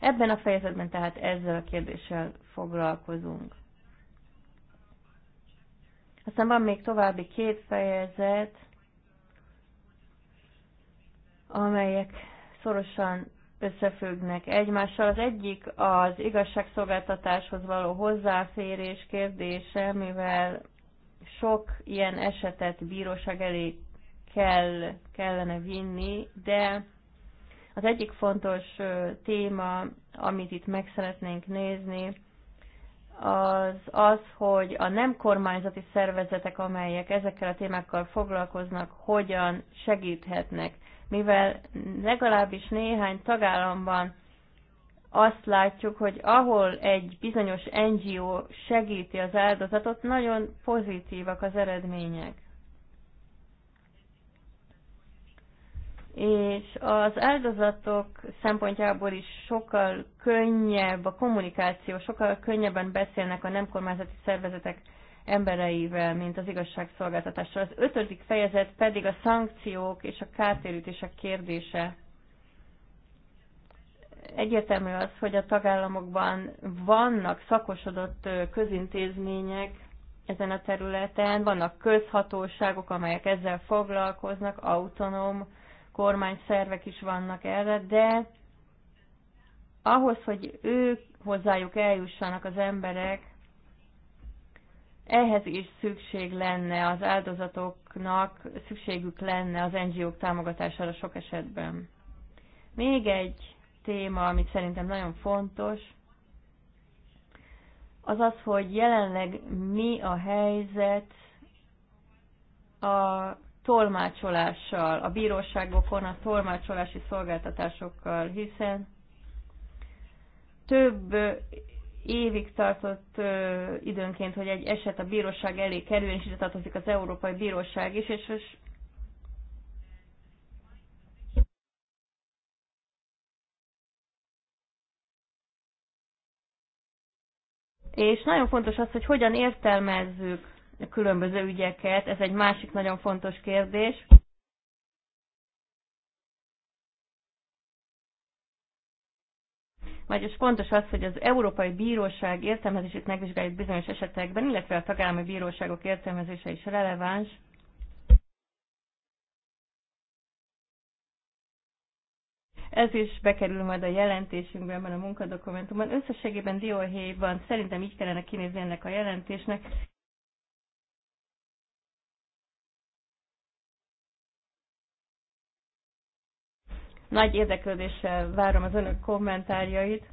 Speaker 4: Ebben a fejezetben tehát ezzel a kérdéssel foglalkozunk. Aztán van még további két fejezet, amelyek szorosan összefüggnek egymással. Az egyik az igazságszolgáltatáshoz való hozzáférés kérdése, mivel sok ilyen esetet bíróság elé kell, kellene vinni, de az egyik fontos téma, amit itt meg szeretnénk nézni, az az, hogy a nem kormányzati szervezetek, amelyek ezekkel a témákkal foglalkoznak, hogyan segíthetnek. Mivel legalábbis néhány tagállamban azt látjuk, hogy ahol egy bizonyos NGO segíti az áldozatot, nagyon pozitívak az eredmények. és az áldozatok szempontjából is sokkal könnyebb a kommunikáció, sokkal könnyebben beszélnek a nem kormányzati szervezetek embereivel, mint az igazságszolgáltatással. Az ötödik fejezet pedig a szankciók és a kártérítések kérdése. Egyértelmű az, hogy a tagállamokban vannak szakosodott közintézmények ezen a területen, vannak közhatóságok, amelyek ezzel foglalkoznak, autonóm kormányszervek is vannak erre, de ahhoz, hogy ők hozzájuk eljussanak az emberek, ehhez is szükség lenne az áldozatoknak, szükségük lenne az NGO-k támogatására sok esetben. Még egy téma, amit szerintem nagyon fontos, az az, hogy jelenleg mi a helyzet a tolmácsolással, a bíróságokon a tolmácsolási szolgáltatásokkal, hiszen több évig tartott ö, időnként, hogy egy eset a bíróság elé kerül, és ide tartozik az Európai Bíróság is, és, és És nagyon fontos az, hogy hogyan értelmezzük a különböző ügyeket. Ez egy másik nagyon fontos kérdés. Vagyis fontos az, hogy az Európai Bíróság értelmezését megvizsgáljuk bizonyos esetekben, illetve a tagállami bíróságok értelmezése is releváns. Ez is bekerül majd a jelentésünkben, a munkadokumentumban. Összességében dióhéjban szerintem így kellene kinézni ennek a jelentésnek. Nagy érdeklődéssel várom az önök kommentárjait.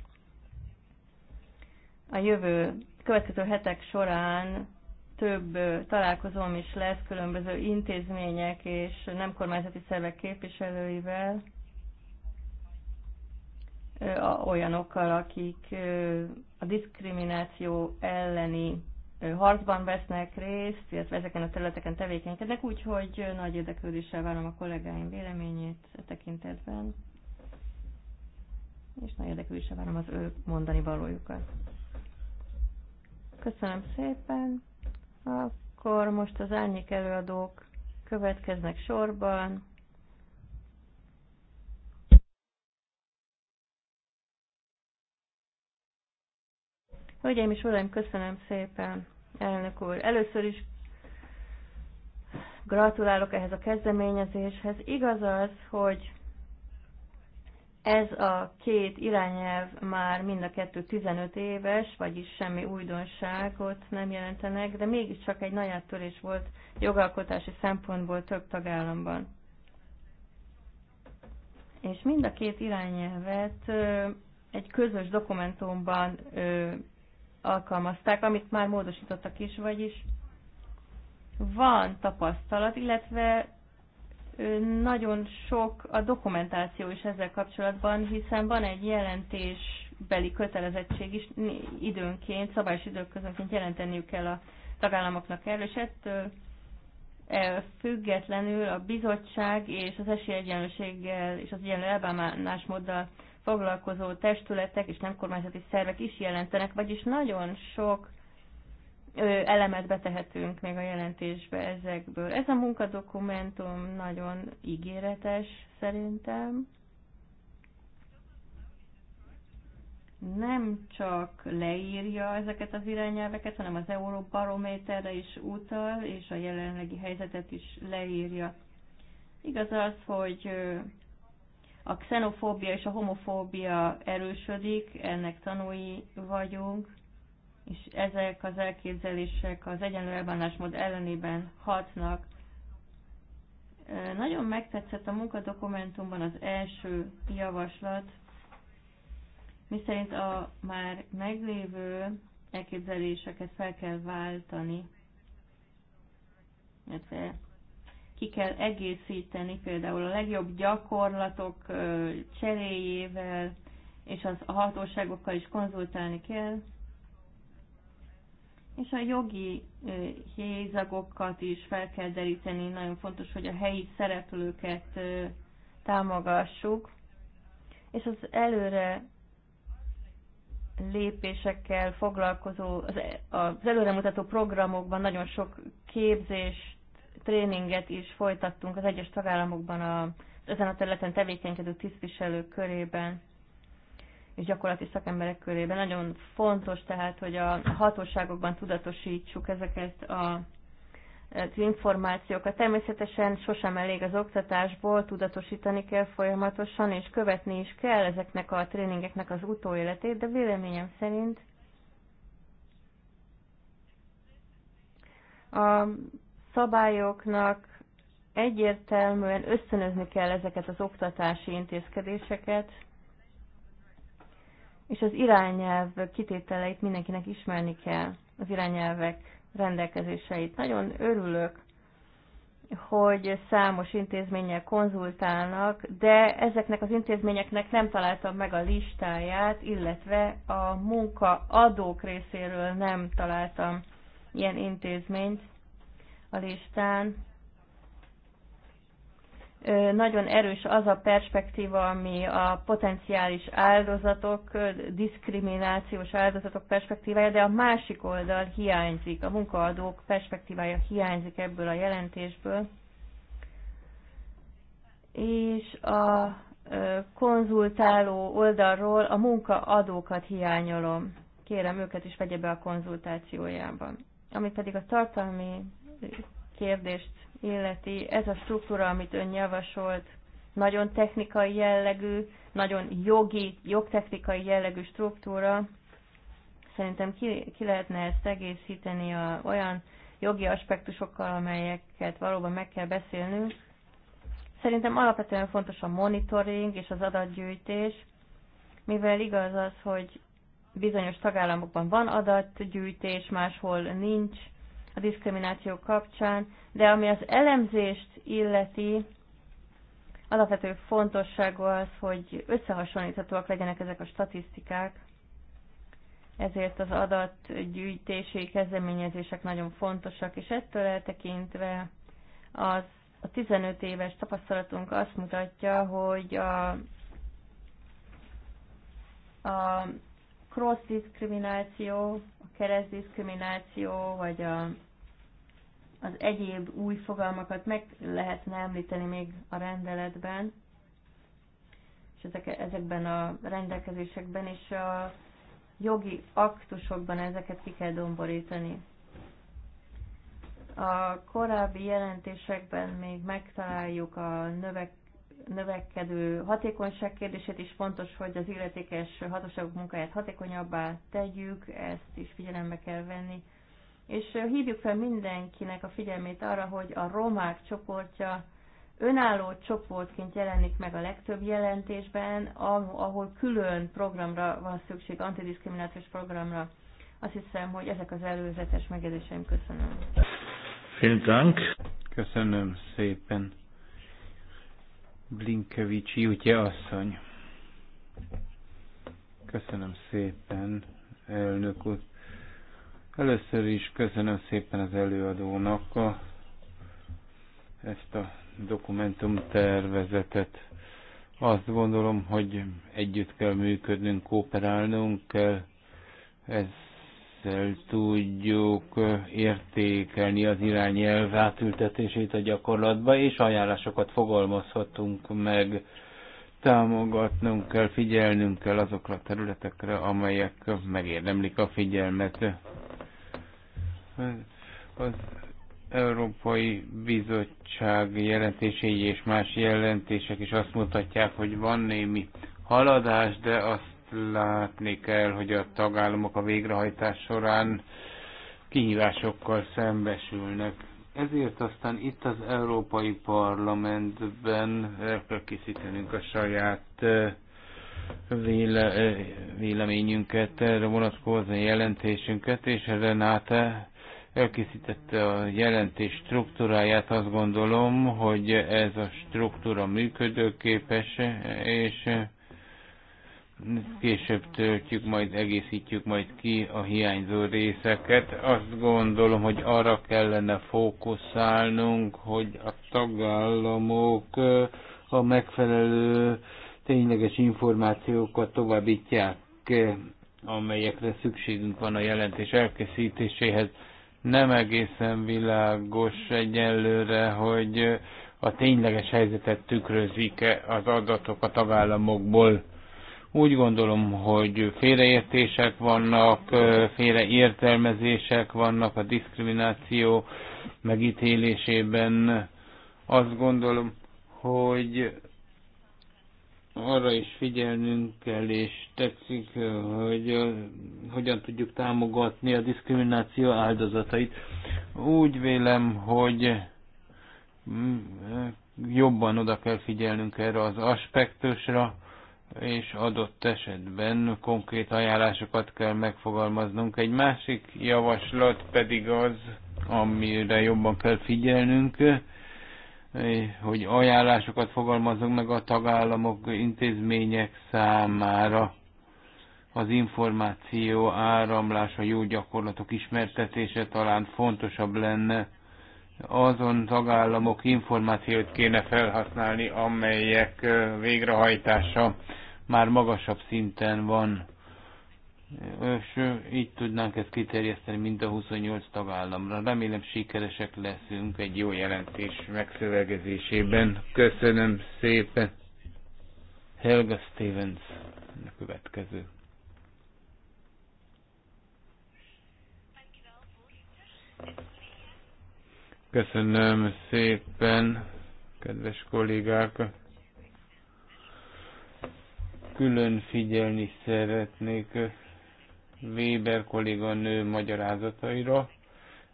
Speaker 4: A jövő következő hetek során több találkozóm is lesz különböző intézmények és nem kormányzati szervek képviselőivel,
Speaker 3: olyanokkal, akik
Speaker 4: a diszkrimináció elleni harcban vesznek részt, illetve ezeken a területeken tevékenykednek, úgyhogy nagy érdeklődéssel várom a kollégáim véleményét a e tekintetben, és nagy érdeklődéssel várom az ő mondani valójukat. Köszönöm szépen! Akkor most az árnyék előadók következnek sorban. Hölgyeim és uraim, köszönöm szépen, elnök úr. Először is gratulálok ehhez a kezdeményezéshez. Igaz az, hogy ez a két irányelv már mind a kettő 15 éves, vagyis semmi újdonságot nem jelentenek, de mégiscsak egy nagy áttörés volt jogalkotási szempontból több tagállamban. És mind a két irányelvet egy közös dokumentumban alkalmazták, amit már módosítottak is, vagyis van tapasztalat, illetve nagyon sok a dokumentáció is ezzel kapcsolatban, hiszen van egy jelentésbeli kötelezettség is időnként, szabályos időközönként jelenteniük kell a tagállamoknak erről, és ettől e, függetlenül a bizottság és az esélyegyenlőséggel és az ilyen elbánásmóddal foglalkozó testületek és nem kormányzati szervek is jelentenek, vagyis nagyon sok elemet betehetünk még a jelentésbe ezekből. Ez a munkadokumentum nagyon ígéretes szerintem. Nem csak leírja ezeket az irányelveket, hanem az Euróbarométerre is utal, és a jelenlegi helyzetet is leírja. Igaz az, hogy a xenofóbia és a homofóbia erősödik, ennek tanúi vagyunk, és ezek az elképzelések az egyenlő elbánásmód ellenében hatnak. Nagyon megtetszett a munkadokumentumban az első javaslat, miszerint a már meglévő elképzeléseket fel kell váltani, ki kell egészíteni például a legjobb gyakorlatok cseréjével, és az a hatóságokkal is konzultálni kell, és a jogi hézagokat is fel kell deríteni, nagyon fontos, hogy a helyi szereplőket támogassuk, és az előre lépésekkel foglalkozó, az előremutató programokban nagyon sok képzés tréninget is folytattunk az egyes tagállamokban a, ezen a területen tevékenykedő tisztviselők körében és gyakorlati szakemberek körében. Nagyon fontos tehát, hogy a hatóságokban tudatosítsuk ezeket a információkat. Természetesen sosem elég az oktatásból, tudatosítani kell folyamatosan, és követni is kell ezeknek a tréningeknek az utóéletét, de véleményem szerint a szabályoknak egyértelműen összönözni kell ezeket az oktatási intézkedéseket, és az irányelv kitételeit mindenkinek ismerni kell, az irányelvek rendelkezéseit. Nagyon örülök, hogy számos intézménnyel konzultálnak, de ezeknek az intézményeknek nem találtam meg a listáját, illetve a munkaadók részéről nem találtam ilyen intézményt a listán. Nagyon erős az a perspektíva, ami a potenciális áldozatok, diszkriminációs áldozatok perspektívája, de a másik oldal hiányzik, a munkaadók perspektívája hiányzik ebből a jelentésből. És a konzultáló oldalról a munkaadókat hiányolom. Kérem őket is vegye be a konzultációjában. Ami pedig a tartalmi kérdést illeti, ez a struktúra, amit ön javasolt, nagyon technikai jellegű, nagyon jogi, jogtechnikai jellegű struktúra. Szerintem ki, ki lehetne ezt egészíteni a, olyan jogi aspektusokkal, amelyeket valóban meg kell beszélnünk. Szerintem alapvetően fontos a monitoring és az adatgyűjtés, mivel igaz az, hogy bizonyos tagállamokban van adatgyűjtés, máshol nincs, a diszkrimináció kapcsán, de ami az elemzést illeti, alapvető fontosságú az, hogy összehasonlíthatóak legyenek ezek a statisztikák, ezért az adatgyűjtési kezdeményezések nagyon fontosak, és ettől eltekintve az a 15 éves tapasztalatunk azt mutatja, hogy a, a cross-diszkrimináció, a kereszt-diszkrimináció, vagy a az egyéb új fogalmakat meg lehetne említeni még a rendeletben, és ezek, ezekben a rendelkezésekben, és a jogi aktusokban ezeket ki kell domborítani. A korábbi jelentésekben még megtaláljuk a növek, növekedő hatékonyság kérdését is fontos, hogy az illetékes hatóságok munkáját hatékonyabbá tegyük, ezt is figyelembe kell venni és hívjuk fel mindenkinek a figyelmét arra, hogy a romák csoportja önálló csoportként jelenik meg a legtöbb jelentésben, ahol külön programra van szükség, antidiskriminációs programra. Azt hiszem, hogy ezek az előzetes megjegyzéseim. Köszönöm.
Speaker 2: Vielen Köszönöm szépen. Blinkevics Jutya asszony. Köszönöm szépen, elnök úr. Először is köszönöm szépen az előadónak a, ezt a dokumentumtervezetet. Azt gondolom, hogy együtt kell működnünk, kooperálnunk kell, ezzel tudjuk értékelni az irányelv átültetését a gyakorlatba, és ajánlásokat fogalmazhatunk meg, támogatnunk kell, figyelnünk kell azokra a területekre, amelyek megérdemlik a figyelmet. Az Európai Bizottság jelentései és más jelentések is azt mutatják, hogy van némi haladás, de azt látni kell, hogy a tagállamok a végrehajtás során kihívásokkal szembesülnek. Ezért aztán itt az Európai Parlamentben el kell készítenünk a saját véle, véleményünket, erre vonatkozó jelentésünket, és Renáte elkészítette a jelentés struktúráját, azt gondolom, hogy ez a struktúra működőképes, és később töltjük, majd egészítjük majd ki a hiányzó részeket. Azt gondolom, hogy arra kellene fókuszálnunk, hogy a tagállamok a megfelelő tényleges információkat továbbítják, amelyekre szükségünk van a jelentés elkészítéséhez nem egészen világos egyelőre, hogy a tényleges helyzetet tükrözik-e az adatok a tagállamokból. Úgy gondolom, hogy félreértések vannak, félreértelmezések vannak a diszkrimináció megítélésében. Azt gondolom, hogy arra is figyelnünk kell, és tetszik, hogy hogyan tudjuk támogatni a diszkrimináció áldozatait. Úgy vélem, hogy mm, jobban oda kell figyelnünk erre az aspektusra, és adott esetben konkrét ajánlásokat kell megfogalmaznunk. Egy másik javaslat pedig az, amire jobban kell figyelnünk, hogy ajánlásokat fogalmazunk meg a tagállamok intézmények számára az információ áramlása, jó gyakorlatok ismertetése talán fontosabb lenne. Azon tagállamok információt kéne felhasználni, amelyek végrehajtása már magasabb szinten van és így tudnánk ezt kiterjeszteni mind a 28 tagállamra. Remélem sikeresek leszünk egy jó jelentés megszövegezésében. Köszönöm szépen. Helga Stevens a következő. Köszönöm szépen, kedves kollégák! Külön figyelni szeretnék Weber kolléganő magyarázataira.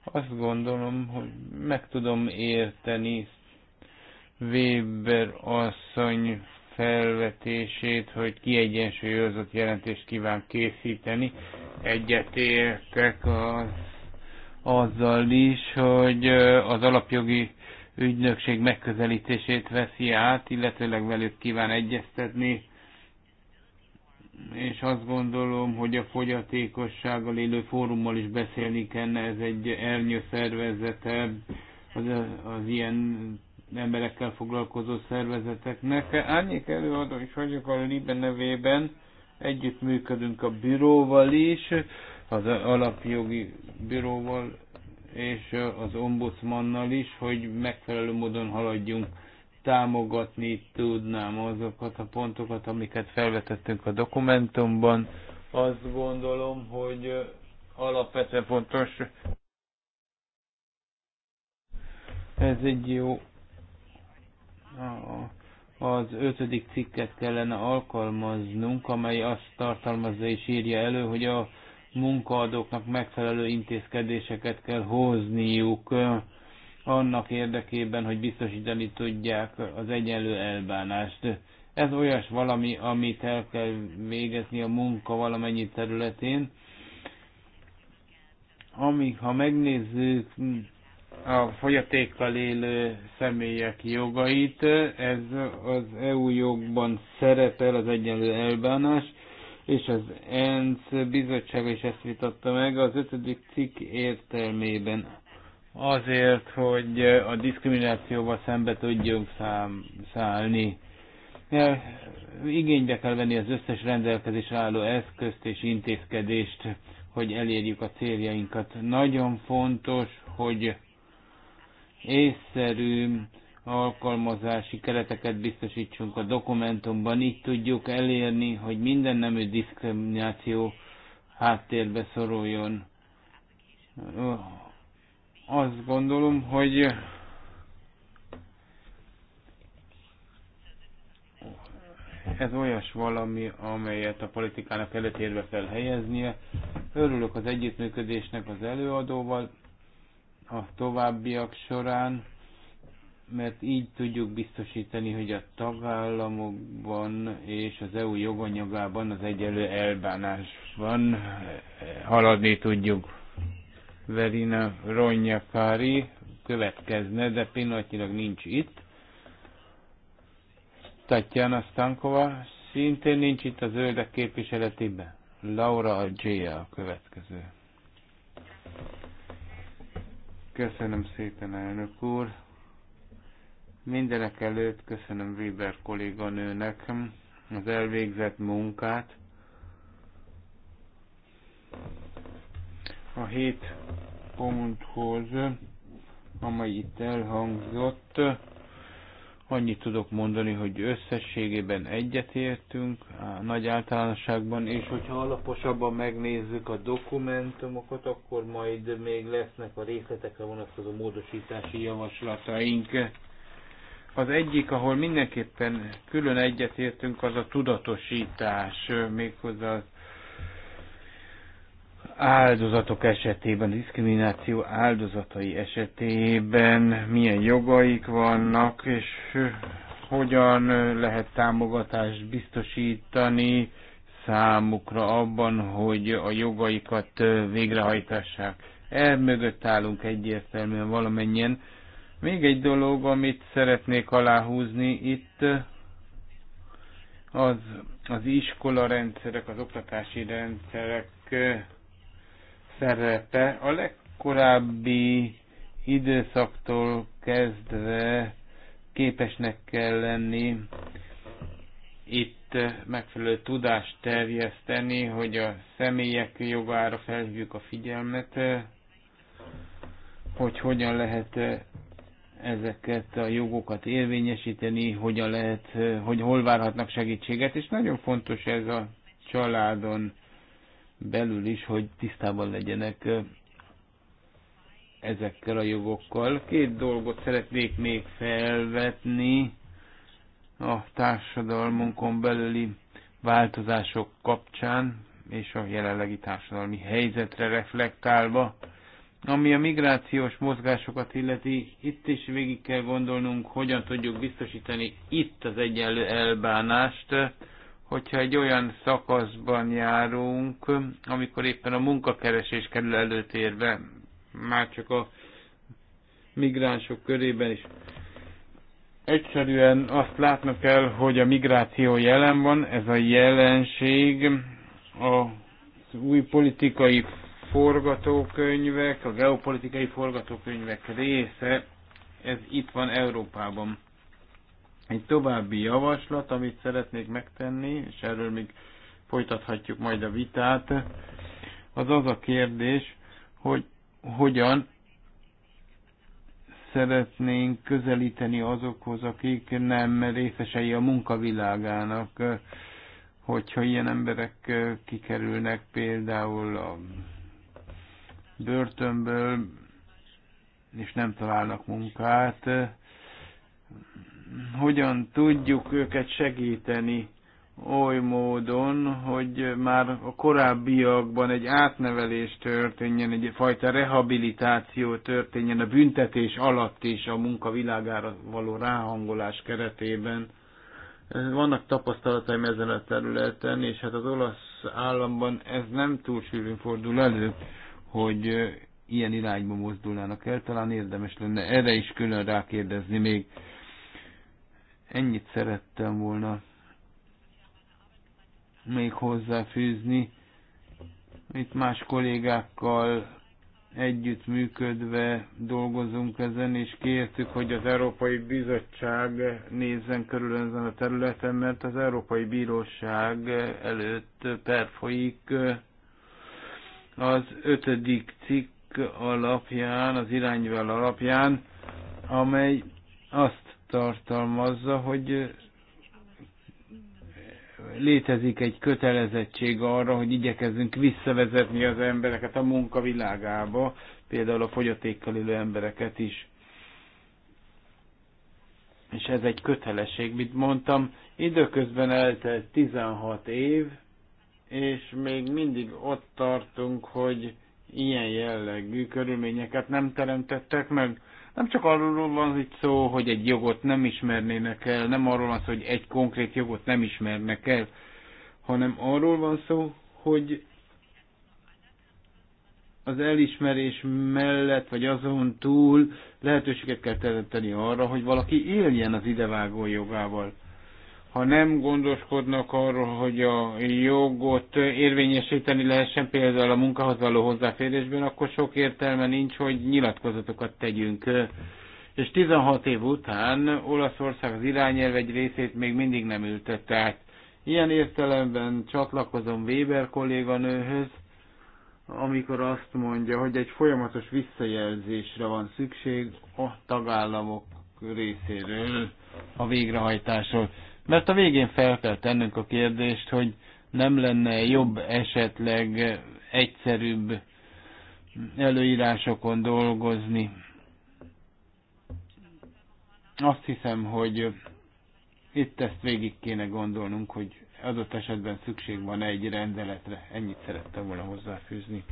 Speaker 2: Azt gondolom, hogy meg tudom érteni Weber asszony felvetését, hogy kiegyensúlyozott jelentést kíván készíteni. Egyetértek az, azzal is, hogy az alapjogi ügynökség megközelítését veszi át, illetőleg velük kíván egyeztetni és azt gondolom, hogy a fogyatékossággal élő fórummal is beszélni kellene, ez egy ernyő szervezete az, az ilyen emberekkel foglalkozó szervezeteknek. Árnyék előadó is vagyok a Libe nevében, együttműködünk a büróval is, az alapjogi büróval és az ombudsmannal is, hogy megfelelő módon haladjunk támogatni tudnám azokat a pontokat, amiket felvetettünk a dokumentumban. Azt gondolom, hogy alapvetően fontos. Ez egy jó... Az ötödik cikket kellene alkalmaznunk, amely azt tartalmazza és írja elő, hogy a munkaadóknak megfelelő intézkedéseket kell hozniuk annak érdekében, hogy biztosítani tudják az egyenlő elbánást. Ez olyas valami, amit el kell végezni a munka valamennyi területén. Amíg, ha megnézzük a fogyatékkal élő személyek jogait, ez az EU jogban szerepel az egyenlő elbánás, és az ENSZ bizottsága is ezt vitatta meg az ötödik cikk értelmében azért, hogy a diszkriminációval szembe tudjunk szám, szállni. Igénybe kell venni az összes rendelkezésre álló eszközt és intézkedést, hogy elérjük a céljainkat. Nagyon fontos, hogy észszerű alkalmazási kereteket biztosítsunk a dokumentumban. Így tudjuk elérni, hogy minden nemű diszkrimináció háttérbe szoruljon azt gondolom, hogy ez olyas valami, amelyet a politikának előtérbe kell helyeznie. Örülök az együttműködésnek az előadóval a továbbiak során, mert így tudjuk biztosítani, hogy a tagállamokban és az EU joganyagában az egyenlő elbánásban haladni tudjuk. Verina Ronyakari következne, de pillanatnyilag nincs itt. Tatjana Stankova szintén nincs itt a zöldek képviseletében. Laura Adjéa a következő. Köszönöm szépen, elnök úr. Mindenek előtt köszönöm Weber kolléganőnek az elvégzett munkát a hét ponthoz, amely itt elhangzott, annyit tudok mondani, hogy összességében egyetértünk, a nagy általánosságban, és hogyha alaposabban megnézzük a dokumentumokat, akkor majd még lesznek a részletekre vonatkozó módosítási javaslataink. Az egyik, ahol mindenképpen külön egyetértünk, az a tudatosítás, méghozzá a áldozatok esetében, diszkrimináció áldozatai esetében milyen jogaik vannak, és hogyan lehet támogatást biztosítani számukra abban, hogy a jogaikat végrehajtassák. El mögött állunk egyértelműen valamennyien. Még egy dolog, amit szeretnék aláhúzni itt, az, az iskolarendszerek, az oktatási rendszerek szerepe a legkorábbi időszaktól kezdve képesnek kell lenni itt megfelelő tudást terjeszteni, hogy a személyek jogára felhívjuk a figyelmet, hogy hogyan lehet ezeket a jogokat érvényesíteni, hogyan lehet, hogy hol várhatnak segítséget, és nagyon fontos ez a családon belül is, hogy tisztában legyenek ezekkel a jogokkal. Két dolgot szeretnék még felvetni a társadalmunkon belüli változások kapcsán és a jelenlegi társadalmi helyzetre reflektálva. Ami a migrációs mozgásokat illeti, itt is végig kell gondolnunk, hogyan tudjuk biztosítani itt az egyenlő elbánást, hogyha egy olyan szakaszban járunk, amikor éppen a munkakeresés kerül előtérbe, már csak a migránsok körében is. Egyszerűen azt látnak el, hogy a migráció jelen van, ez a jelenség a új politikai forgatókönyvek, a geopolitikai forgatókönyvek része, ez itt van Európában. Egy további javaslat, amit szeretnék megtenni, és erről még folytathatjuk majd a vitát, az az a kérdés, hogy hogyan szeretnénk közelíteni azokhoz, akik nem részesei a munkavilágának, hogyha ilyen emberek kikerülnek például a börtönből, és nem találnak munkát, hogyan tudjuk őket segíteni oly módon, hogy már a korábbiakban egy átnevelés történjen, egy fajta rehabilitáció történjen a büntetés alatt is a munkavilágára való ráhangolás keretében. Vannak tapasztalataim ezen a területen, és hát az olasz államban ez nem túl sűrűn fordul elő, hogy ilyen irányba mozdulnának el. Talán érdemes lenne erre is külön rákérdezni még. Ennyit szerettem volna még hozzáfűzni. Itt más kollégákkal együtt működve dolgozunk ezen, és kértük, hogy az Európai Bizottság nézzen körül ezen a területen, mert az Európai Bíróság előtt perfolyik folyik az ötödik cikk alapján, az irányvel alapján, amely azt tartalmazza, hogy létezik egy kötelezettség arra, hogy igyekezzünk visszavezetni az embereket a munkavilágába, például a fogyatékkal élő embereket is. És ez egy kötelesség, mint mondtam, időközben eltelt 16 év, és még mindig ott tartunk, hogy ilyen jellegű körülményeket nem teremtettek meg. Nem csak arról van itt szó, hogy egy jogot nem ismernének el, nem arról van szó, hogy egy konkrét jogot nem ismernek el, hanem arról van szó, hogy az elismerés mellett, vagy azon túl lehetőséget kell teremteni arra, hogy valaki éljen az idevágó jogával ha nem gondoskodnak arról, hogy a jogot érvényesíteni lehessen például a munkahoz való hozzáférésben, akkor sok értelme nincs, hogy nyilatkozatokat tegyünk. És 16 év után Olaszország az irányelv egy részét még mindig nem ültette át. Ilyen értelemben csatlakozom Weber kolléganőhöz, amikor azt mondja, hogy egy folyamatos visszajelzésre van szükség a tagállamok részéről a végrehajtásról. Mert a végén fel kell tennünk a kérdést, hogy nem lenne jobb esetleg egyszerűbb előírásokon dolgozni. Azt hiszem, hogy itt ezt végig kéne gondolnunk, hogy adott esetben szükség van -e egy rendeletre. Ennyit szerettem volna hozzáfűzni.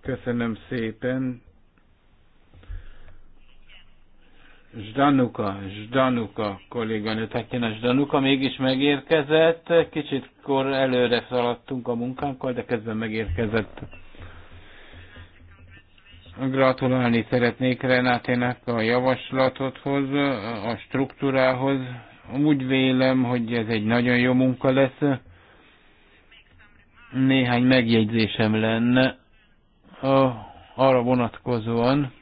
Speaker 2: Köszönöm szépen. Zsdanuka, Zsdanuka kolléganő, Tatjana hát Zsdanuka mégis megérkezett. Kicsit kor előre szaladtunk a munkánkkal, de kezdben megérkezett. Gratulálni szeretnék Renátének a javaslatothoz, a struktúrához. Úgy vélem, hogy ez egy nagyon jó munka lesz. Néhány megjegyzésem lenne arra vonatkozóan,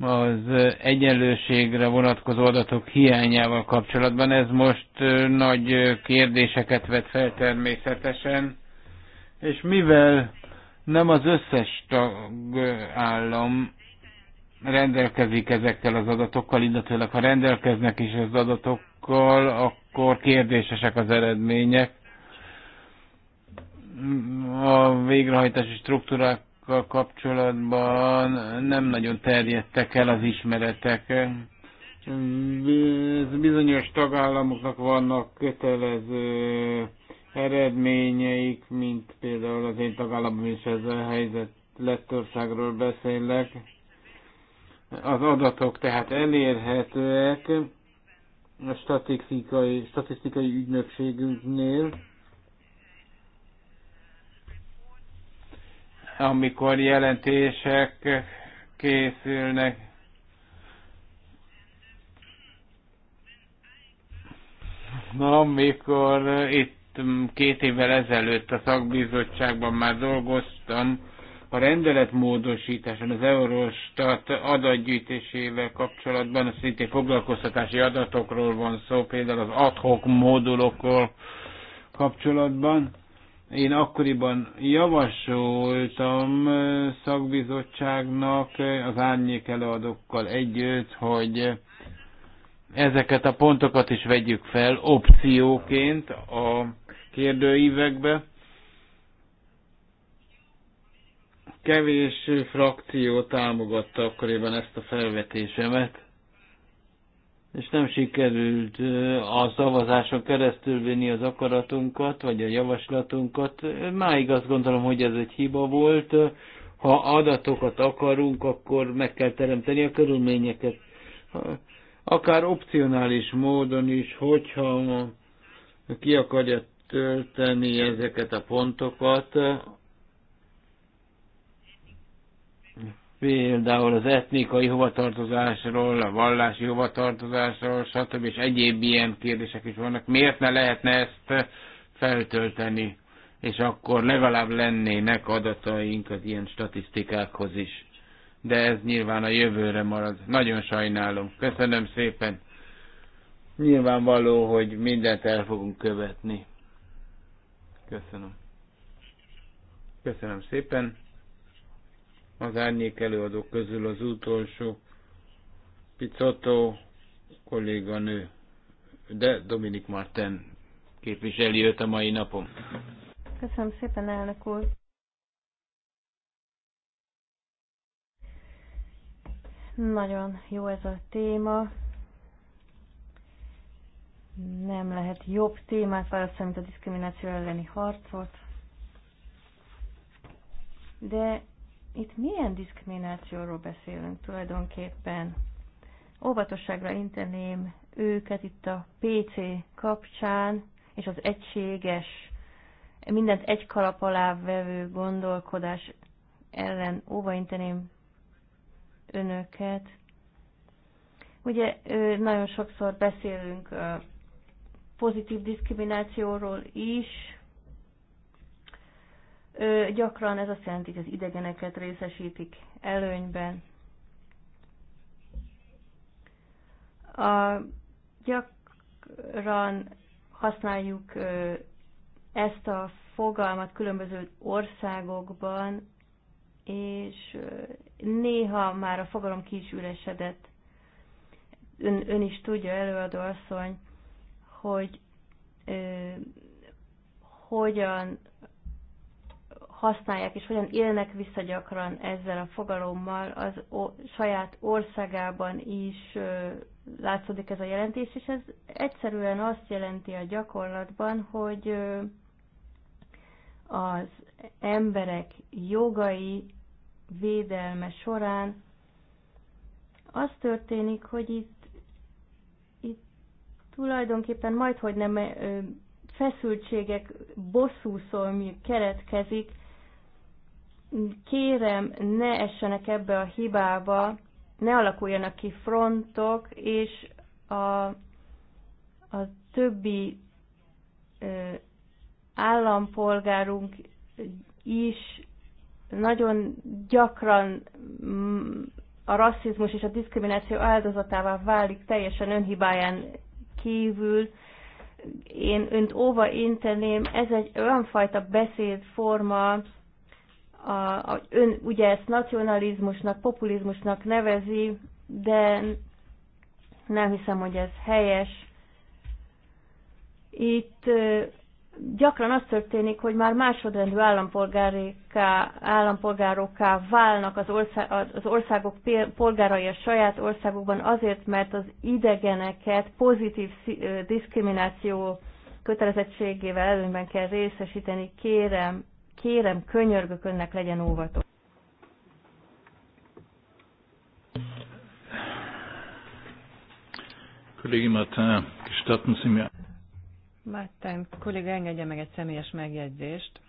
Speaker 2: az egyenlőségre vonatkozó adatok hiányával kapcsolatban. Ez most nagy kérdéseket vet fel természetesen, és mivel nem az összes tagállam rendelkezik ezekkel az adatokkal, illetőleg ha rendelkeznek is az adatokkal, akkor kérdésesek az eredmények. A végrehajtási struktúrák kutatásokkal kapcsolatban nem nagyon terjedtek el az ismeretek. Bizonyos tagállamoknak vannak kötelező eredményeik, mint például az én tagállamom is ezzel a helyzet, Lettországról beszélek. Az adatok tehát elérhetőek a statisztikai, statisztikai ügynökségünknél amikor jelentések készülnek. Amikor itt két évvel ezelőtt a szakbizottságban már dolgoztam, a rendeletmódosításon az Eurostat adatgyűjtésével kapcsolatban szintén foglalkoztatási adatokról van szó, például az adhok módulokról kapcsolatban én akkoriban javasoltam eh, szakbizottságnak eh, az árnyék előadókkal együtt, hogy ezeket a pontokat is vegyük fel opcióként a kérdőívekbe. Kevés frakció támogatta akkoriban ezt a felvetésemet és nem sikerült a szavazáson keresztül vinni az akaratunkat, vagy a javaslatunkat. Máig azt gondolom, hogy ez egy hiba volt. Ha adatokat akarunk, akkor meg kell teremteni a körülményeket. Akár opcionális módon is, hogyha ki akarja tölteni ezeket a pontokat, például az etnikai hovatartozásról, a vallási hovatartozásról, stb. és egyéb ilyen kérdések is vannak. Miért ne lehetne ezt feltölteni? És akkor legalább lennének adataink az ilyen statisztikákhoz is. De ez nyilván a jövőre marad. Nagyon sajnálom. Köszönöm szépen. Nyilvánvaló, hogy mindent el fogunk követni. Köszönöm. Köszönöm szépen az árnyék előadók közül az utolsó Picotto kolléganő, de Dominik Marten képviseli őt a mai napon.
Speaker 4: Köszönöm szépen, elnök úr! Nagyon jó ez a téma. Nem lehet jobb témát választani, mint a diszkrimináció elleni harcot. De itt milyen diszkriminációról beszélünk tulajdonképpen? Óvatosságra inteném őket itt a PC kapcsán, és az egységes, mindent egy kalap alá vevő gondolkodás ellen inteném önöket. Ugye nagyon sokszor beszélünk pozitív diszkriminációról is, Gyakran ez azt jelenti, hogy az idegeneket részesítik előnyben. A gyakran használjuk ezt a fogalmat különböző országokban, és néha már a fogalom ki is üresedett. Ön, ön is tudja, előadó asszony, hogy ö, hogyan használják, és hogyan élnek vissza gyakran ezzel a fogalommal, az o- saját országában is ö, látszódik ez a jelentés, és ez egyszerűen azt jelenti a gyakorlatban, hogy ö, az emberek jogai védelme során az történik, hogy itt, itt tulajdonképpen majdhogy nem feszültségek bosszúszolmű keretkezik kérem, ne essenek ebbe a hibába, ne alakuljanak ki frontok, és a, a többi ö, állampolgárunk is nagyon gyakran mm, a rasszizmus és a diszkrimináció áldozatává válik teljesen önhibáján kívül. Én önt óva inteném, ez egy olyan fajta beszédforma, a, a, ön ugye ezt nacionalizmusnak, populizmusnak nevezi, de nem hiszem, hogy ez helyes. Itt gyakran az történik, hogy már másodrendű állampolgárokká válnak az, ország, az országok polgárai a saját országokban azért, mert az idegeneket pozitív diszkrimináció kötelezettségével előnyben kell részesíteni. Kérem, kérem, könyörgök önnek legyen óvatos.
Speaker 2: Kollégi Martin, gestatten Sie
Speaker 3: mir. kolléga, engedje meg egy személyes megjegyzést.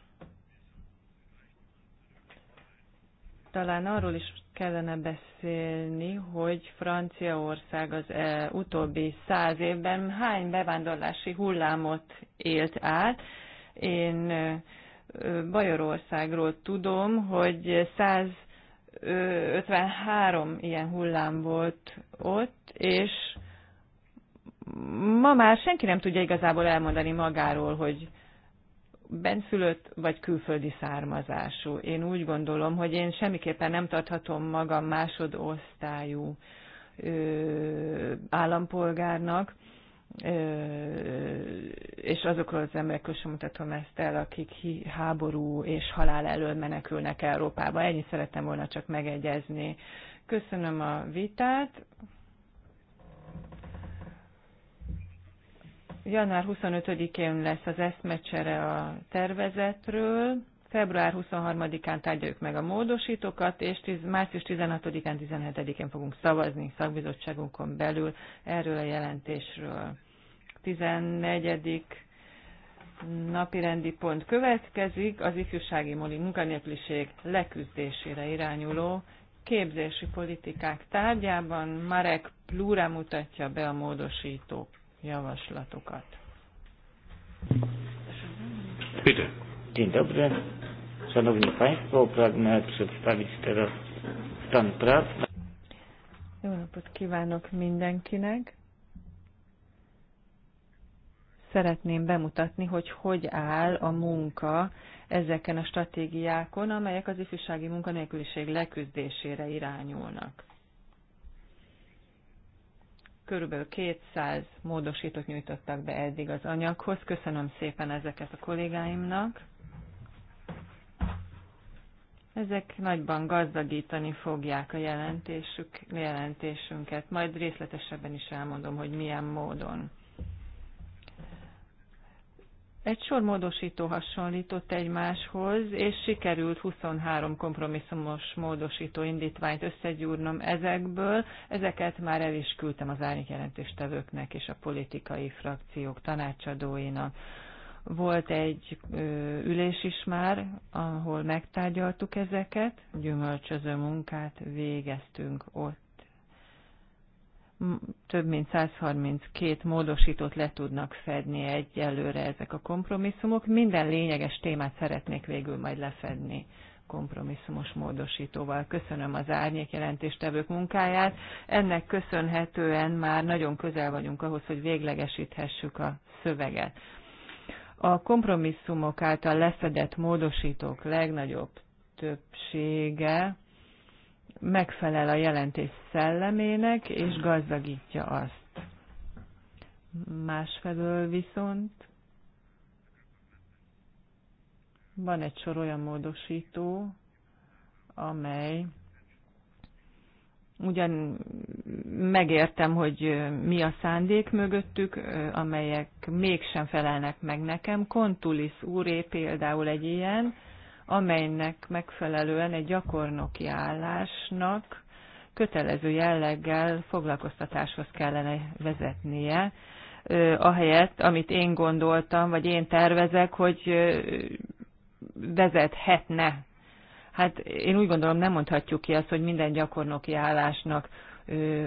Speaker 3: Talán arról is kellene beszélni, hogy Franciaország az e, utóbbi száz évben hány bevándorlási hullámot élt át. Én e, Bajorországról tudom, hogy 153 ilyen hullám volt ott, és ma már senki nem tudja igazából elmondani magáról, hogy benszülött vagy külföldi származású. Én úgy gondolom, hogy én semmiképpen nem tarthatom magam másodosztályú állampolgárnak, és azokról az emberekről sem mutatom ezt el, akik háború és halál elől menekülnek Európába. Ennyit szerettem volna csak megegyezni. Köszönöm a vitát. Január 25-én lesz az eszmecsere a tervezetről. Február 23-án tárgyaljuk meg a módosítókat, és március 16-án, 17-én fogunk szavazni szakbizottságunkon belül erről a jelentésről. 14 napirendi pont következik, az ifjúsági munkanélküliség leküzdésére irányuló képzési politikák tárgyában Marek Plura mutatja be a módosító javaslatokat.
Speaker 1: Bitte. Dzień dobry. Szanowni Państwo, pragnę przedstawić teraz stan prac.
Speaker 3: Jó napot kívánok mindenkinek! Szeretném bemutatni, hogy hogy áll a munka ezeken a stratégiákon, amelyek az ifjúsági munkanélküliség leküzdésére irányulnak. Körülbelül 200 módosítót nyújtottak be eddig az anyaghoz. Köszönöm szépen ezeket a kollégáimnak ezek nagyban gazdagítani fogják a jelentésük, jelentésünket. Majd részletesebben is elmondom, hogy milyen módon. Egy sor módosító hasonlított egymáshoz, és sikerült 23 kompromisszumos módosító indítványt összegyúrnom ezekből. Ezeket már el is küldtem az árnyékjelentéstevőknek és a politikai frakciók tanácsadóinak volt egy ülés is már, ahol megtárgyaltuk ezeket, gyümölcsöző munkát végeztünk ott. Több mint 132 módosítót le tudnak fedni egyelőre ezek a kompromisszumok. Minden lényeges témát szeretnék végül majd lefedni kompromisszumos módosítóval. Köszönöm az árnyék jelentéstevők munkáját. Ennek köszönhetően már nagyon közel vagyunk ahhoz, hogy véglegesíthessük a szöveget. A kompromisszumok által lefedett módosítók legnagyobb többsége megfelel a jelentés szellemének, és gazdagítja azt. Másfelől viszont van egy sor olyan módosító, amely ugyan megértem, hogy mi a szándék mögöttük, amelyek mégsem felelnek meg nekem. Kontulis úré például egy ilyen, amelynek megfelelően egy gyakornoki állásnak kötelező jelleggel foglalkoztatáshoz kellene vezetnie, ahelyett, amit én gondoltam, vagy én tervezek, hogy vezethetne hát én úgy gondolom nem mondhatjuk ki azt, hogy minden gyakornoki állásnak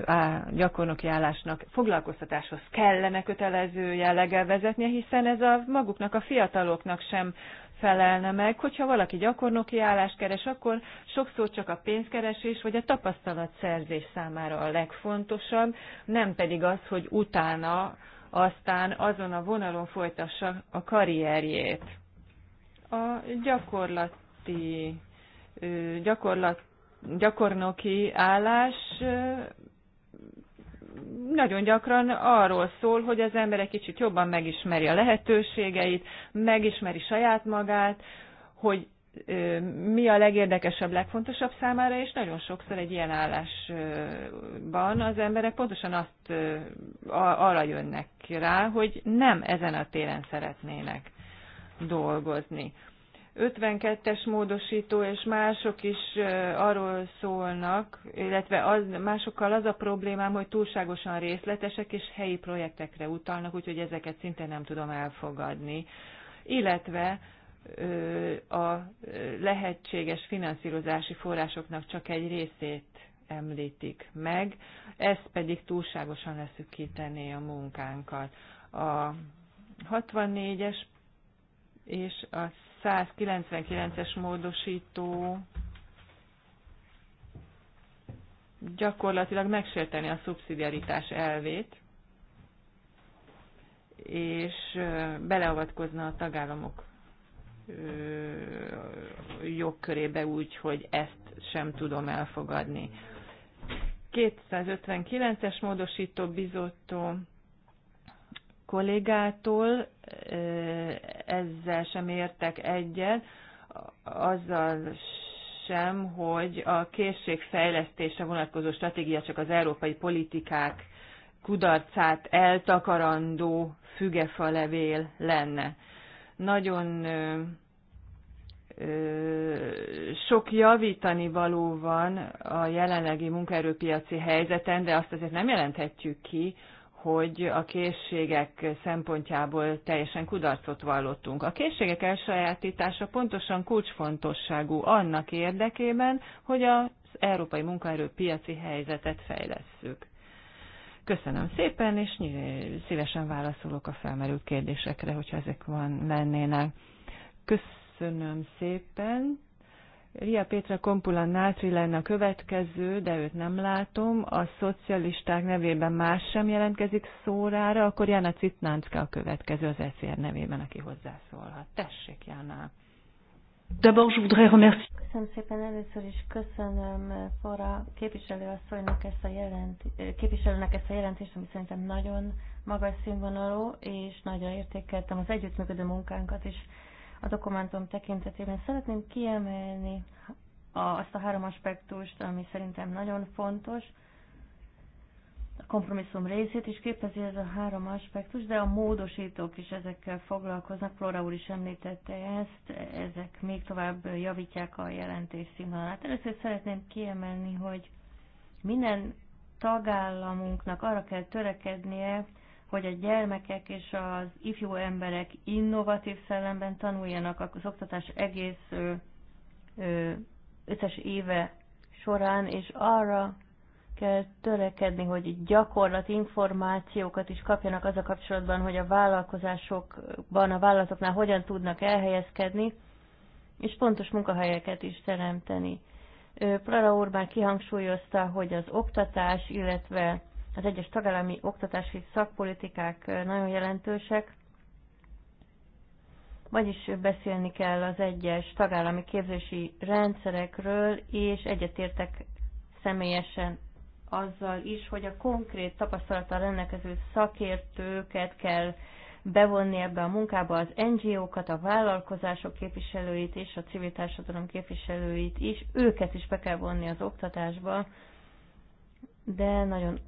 Speaker 3: á, gyakornoki állásnak foglalkoztatáshoz kellene kötelező jelleggel vezetnie, hiszen ez a maguknak, a fiataloknak sem felelne meg. Hogyha valaki gyakornoki állást keres, akkor sokszor csak a pénzkeresés vagy a tapasztalatszerzés számára a legfontosabb, nem pedig az, hogy utána aztán azon a vonalon folytassa a karrierjét. A gyakorlati gyakorlat, gyakornoki állás nagyon gyakran arról szól, hogy az ember egy kicsit jobban megismeri a lehetőségeit, megismeri saját magát, hogy mi a legérdekesebb, legfontosabb számára, és nagyon sokszor egy ilyen állásban az emberek pontosan azt arra jönnek rá, hogy nem ezen a téren szeretnének dolgozni. 52-es módosító és mások is arról szólnak, illetve az, másokkal az a problémám, hogy túlságosan részletesek és helyi projektekre utalnak, úgyhogy ezeket szinte nem tudom elfogadni. Illetve a lehetséges finanszírozási forrásoknak csak egy részét említik meg, ez pedig túlságosan leszükítené a munkánkat. A 64-es és a 199-es módosító gyakorlatilag megsérteni a szubszidiaritás elvét, és beleavatkozna a tagállamok jogkörébe úgy, hogy ezt sem tudom elfogadni. 259-es módosító bizottó kollégától, ezzel sem értek egyet, azzal sem, hogy a készségfejlesztésre vonatkozó stratégia csak az európai politikák kudarcát eltakarandó fügefa levél lenne. Nagyon sok javítani való van a jelenlegi munkaerőpiaci helyzeten, de azt azért nem jelenthetjük ki, hogy a készségek szempontjából teljesen kudarcot vallottunk. A készségek elsajátítása pontosan kulcsfontosságú annak érdekében, hogy az európai munkaerőpiaci helyzetet fejlesszük. Köszönöm szépen, és szívesen válaszolok a felmerült kérdésekre, hogyha ezek van lennének. Köszönöm szépen. Ria Pétra Kompula Nátri lenne a következő, de őt nem látom. A szocialisták nevében más sem jelentkezik szórára, akkor Jana Citnánszka a következő az ECR nevében, aki hozzászólhat. Tessék, Jana! D'abord, je voudrais remercier.
Speaker 4: Köszönöm szépen először is köszönöm eh, Fora képviselőasszonynak ezt a jelent, eh, képviselőnek ezt a jelentést, ami szerintem nagyon magas színvonalú, és nagyon értékeltem az együttműködő munkánkat, és a dokumentum tekintetében. Szeretném kiemelni azt a három aspektust, ami szerintem nagyon fontos. A kompromisszum részét is képezi ez a három aspektus, de a módosítók is ezekkel foglalkoznak. Flora úr is említette ezt, ezek még tovább javítják a jelentés színvonalát. Először szeretném kiemelni, hogy minden tagállamunknak arra kell törekednie, hogy a gyermekek és az ifjú emberek innovatív szellemben tanuljanak az oktatás egész ö, ö, összes éve során, és arra kell törekedni, hogy gyakorlat információkat is kapjanak az a kapcsolatban, hogy a vállalkozásokban, a vállalatoknál hogyan tudnak elhelyezkedni, és pontos munkahelyeket is teremteni. Plara úr már kihangsúlyozta, hogy az oktatás, illetve az egyes tagállami oktatási szakpolitikák nagyon jelentősek, vagyis beszélni kell az egyes tagállami képzési rendszerekről, és egyetértek személyesen azzal is, hogy a konkrét tapasztalattal rendelkező szakértőket kell bevonni ebbe a munkába az NGO-kat, a vállalkozások képviselőit és a civil társadalom képviselőit is, őket is be kell vonni az oktatásba, de nagyon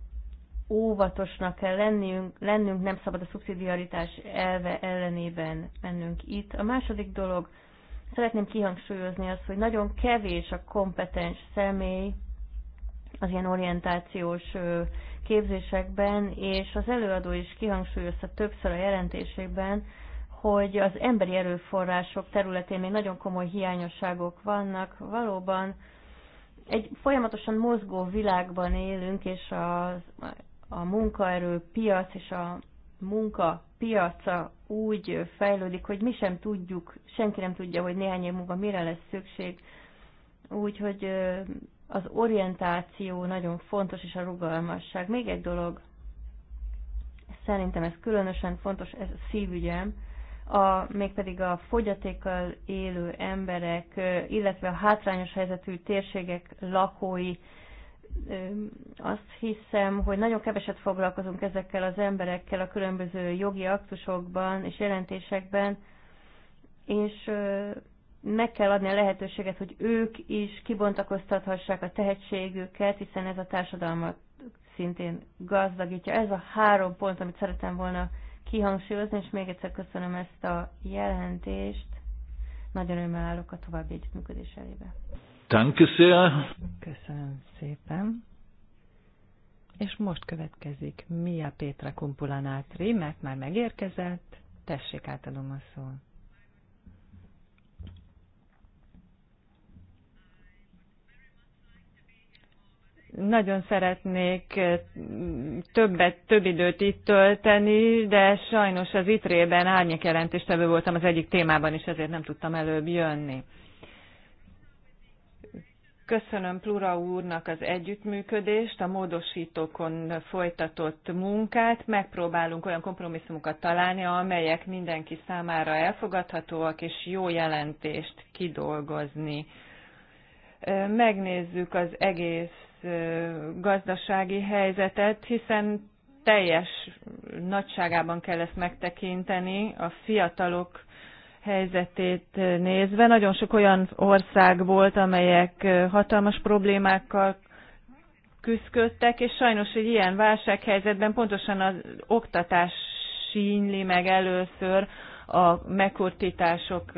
Speaker 4: óvatosnak kell lennünk, lennünk, nem szabad a szubszidiaritás elve ellenében mennünk itt. A második dolog, szeretném kihangsúlyozni azt, hogy nagyon kevés a kompetens személy az ilyen orientációs képzésekben, és az előadó is kihangsúlyozta többször a jelentésében, hogy az emberi erőforrások területén még nagyon komoly hiányosságok vannak. Valóban egy folyamatosan mozgó világban élünk, és az a munkaerőpiac és a munka piaca úgy fejlődik, hogy mi sem tudjuk, senki nem tudja, hogy néhány év múlva mire lesz szükség. Úgyhogy az orientáció nagyon fontos, és a rugalmasság. Még egy dolog, szerintem ez különösen fontos, ez a szívügyem, a, mégpedig a fogyatékkal élő emberek, illetve a hátrányos helyzetű térségek lakói azt hiszem, hogy nagyon keveset foglalkozunk ezekkel az emberekkel a különböző jogi aktusokban és jelentésekben, és meg kell adni a lehetőséget, hogy ők is kibontakoztathassák a tehetségüket, hiszen ez a társadalmat szintén gazdagítja. Ez a három pont, amit szeretem volna kihangsúlyozni, és még egyszer köszönöm ezt a jelentést.
Speaker 3: Nagyon örömmel állok a további együttműködés elébe.
Speaker 1: Danke sehr.
Speaker 3: Köszönöm szépen. És most következik Mia Pétra Kumpulanátri, mert már megérkezett. Tessék, átadom a szót. nagyon szeretnék eh, többet, több időt itt tölteni, de sajnos az itrében árnyék jelentéstevő voltam az egyik témában, és ezért nem tudtam előbb jönni. Köszönöm Plura úrnak az együttműködést, a módosítókon folytatott munkát. Megpróbálunk olyan kompromisszumokat találni, amelyek mindenki számára elfogadhatóak, és jó jelentést kidolgozni. Megnézzük az egész gazdasági helyzetet, hiszen teljes nagyságában kell ezt megtekinteni, a fiatalok helyzetét nézve. Nagyon sok olyan ország volt, amelyek hatalmas problémákkal küzdködtek, és sajnos egy ilyen válsághelyzetben pontosan az oktatás sínyli meg először a megkurtítások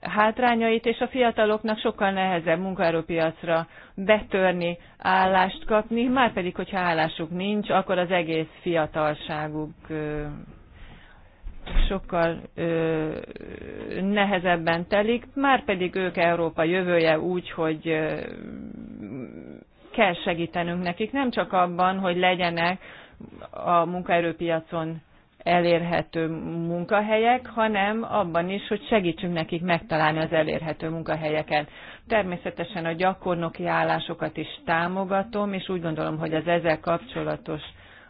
Speaker 3: hátrányait, és a fiataloknak sokkal nehezebb munkaerőpiacra betörni, állást kapni, márpedig, hogyha állásuk nincs, akkor az egész fiatalságuk sokkal ö, nehezebben telik, már pedig ők Európa jövője úgy, hogy ö, kell segítenünk nekik, nem csak abban, hogy legyenek a munkaerőpiacon elérhető munkahelyek, hanem abban is, hogy segítsünk nekik megtalálni az elérhető munkahelyeket. Természetesen a gyakornoki állásokat is támogatom, és úgy gondolom, hogy az ezzel kapcsolatos,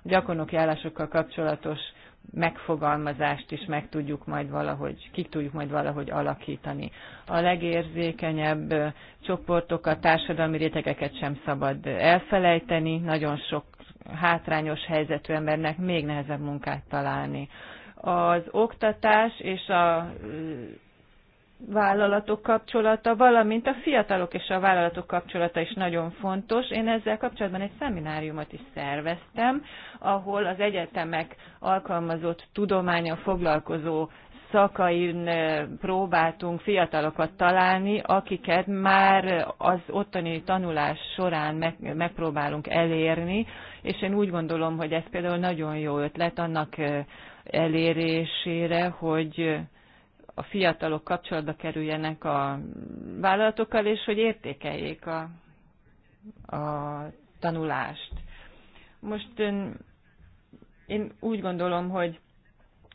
Speaker 3: a gyakornoki állásokkal kapcsolatos megfogalmazást is meg tudjuk majd valahogy, ki tudjuk majd valahogy alakítani. A legérzékenyebb csoportokat, társadalmi rétegeket sem szabad elfelejteni, nagyon sok hátrányos helyzetű embernek még nehezebb munkát találni. Az oktatás és a vállalatok kapcsolata, valamint a fiatalok és a vállalatok kapcsolata is nagyon fontos. Én ezzel kapcsolatban egy szemináriumot is szerveztem, ahol az egyetemek alkalmazott tudománya foglalkozó szakain eh, próbáltunk fiatalokat találni, akiket már az ottani tanulás során meg, megpróbálunk elérni, és én úgy gondolom, hogy ez például nagyon jó ötlet annak eh, elérésére, hogy a fiatalok kapcsolatba kerüljenek a vállalatokkal, és hogy értékeljék a, a tanulást. Most ön, én úgy gondolom, hogy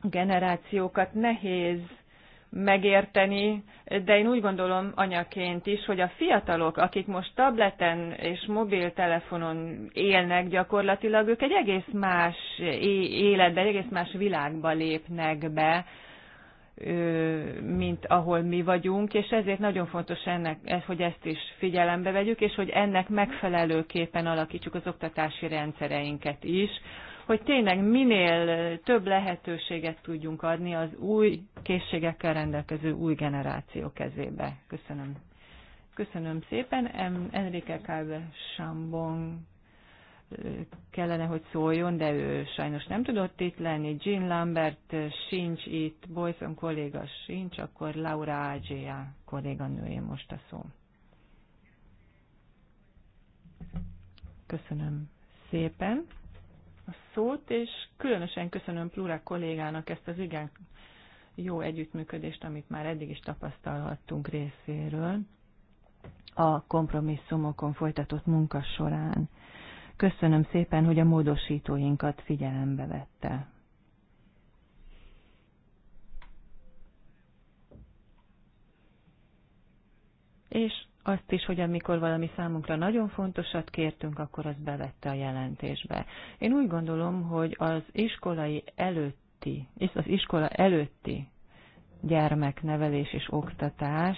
Speaker 3: generációkat nehéz megérteni, de én úgy gondolom anyaként is, hogy a fiatalok, akik most tableten és mobiltelefonon élnek gyakorlatilag, ők egy egész más életbe, egy egész más világba lépnek be, mint ahol mi vagyunk, és ezért nagyon fontos ennek, hogy ezt is figyelembe vegyük, és hogy ennek megfelelőképpen alakítsuk az oktatási rendszereinket is, hogy tényleg minél több lehetőséget tudjunk adni az új készségekkel rendelkező új generáció kezébe. Köszönöm. Köszönöm szépen. Enrique Calve Sambon kellene, hogy szóljon, de ő sajnos nem tudott itt lenni. Jean Lambert sincs itt, Boyson kolléga sincs, akkor Laura Ágyéa kolléganője most a szó. Köszönöm szépen a szót, és különösen köszönöm Plura kollégának ezt az igen jó együttműködést, amit már eddig is tapasztalhattunk részéről a kompromisszumokon folytatott munka során. Köszönöm szépen, hogy a módosítóinkat figyelembe vette. És azt is, hogy amikor valami számunkra nagyon fontosat kértünk, akkor azt bevette a jelentésbe. Én úgy gondolom, hogy az iskolai előtti, és az iskola előtti gyermeknevelés és oktatás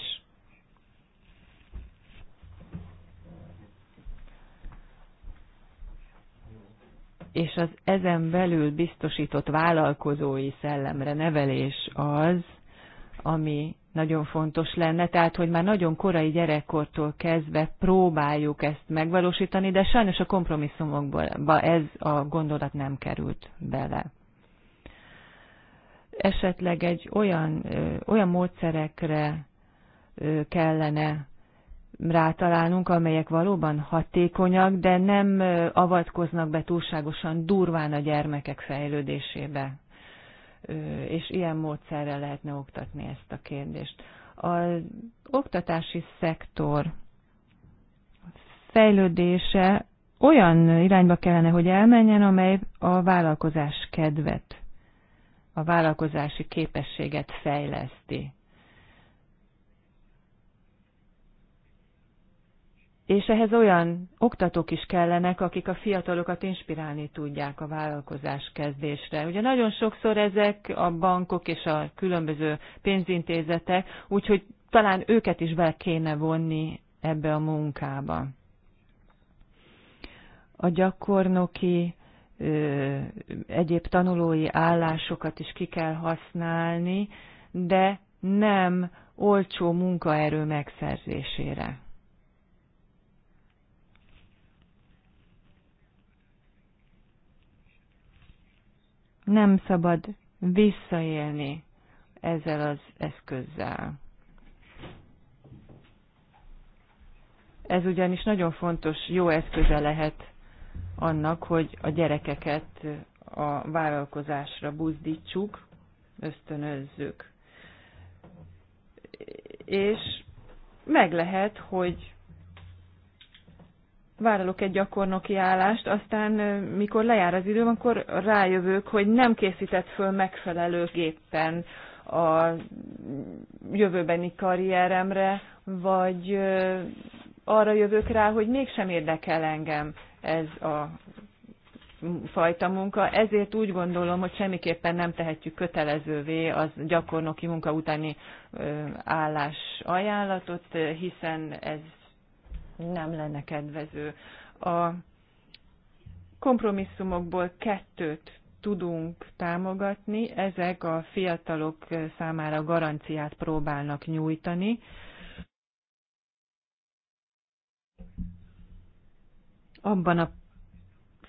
Speaker 3: és az ezen belül biztosított vállalkozói szellemre nevelés az, ami nagyon fontos lenne, tehát hogy már nagyon korai gyerekkortól kezdve próbáljuk ezt megvalósítani, de sajnos a kompromisszumokba ez a gondolat nem került bele. Esetleg egy olyan, olyan módszerekre kellene rátalálnunk, amelyek valóban hatékonyak, de nem avatkoznak be túlságosan durván a gyermekek fejlődésébe. És ilyen módszerrel lehetne oktatni ezt a kérdést. Az oktatási szektor fejlődése olyan irányba kellene, hogy elmenjen, amely a vállalkozás kedvet, a vállalkozási képességet fejleszti és ehhez olyan oktatók is kellenek, akik a fiatalokat inspirálni tudják a vállalkozás kezdésre. Ugye nagyon sokszor ezek a bankok és a különböző pénzintézetek, úgyhogy talán őket is be kéne vonni ebbe a munkába. A gyakornoki ö, egyéb tanulói állásokat is ki kell használni, de nem olcsó munkaerő megszerzésére nem szabad visszaélni ezzel az eszközzel. Ez ugyanis nagyon fontos, jó eszköze lehet annak, hogy a gyerekeket a vállalkozásra buzdítsuk, ösztönözzük. És meg lehet, hogy vállalok egy gyakornoki állást, aztán mikor lejár az időm, akkor rájövök, hogy nem készített föl megfelelőképpen a jövőbeni karrieremre, vagy arra jövök rá, hogy mégsem érdekel engem ez a fajta munka, ezért úgy gondolom, hogy semmiképpen nem tehetjük kötelezővé az gyakornoki munka utáni állás ajánlatot, hiszen ez nem lenne kedvező. A kompromisszumokból kettőt tudunk támogatni, ezek a fiatalok számára garanciát próbálnak nyújtani. Abban a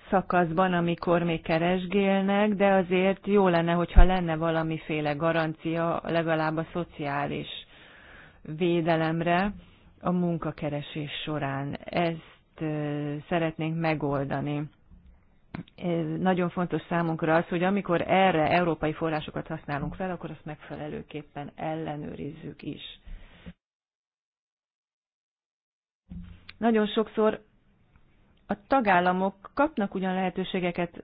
Speaker 3: szakaszban, amikor még keresgélnek, de azért jó lenne, hogyha lenne valamiféle garancia legalább a szociális védelemre, a munkakeresés során. Ezt szeretnénk megoldani. Nagyon fontos számunkra az, hogy amikor erre európai forrásokat használunk fel, akkor azt megfelelőképpen ellenőrizzük is. Nagyon sokszor a tagállamok kapnak ugyan lehetőségeket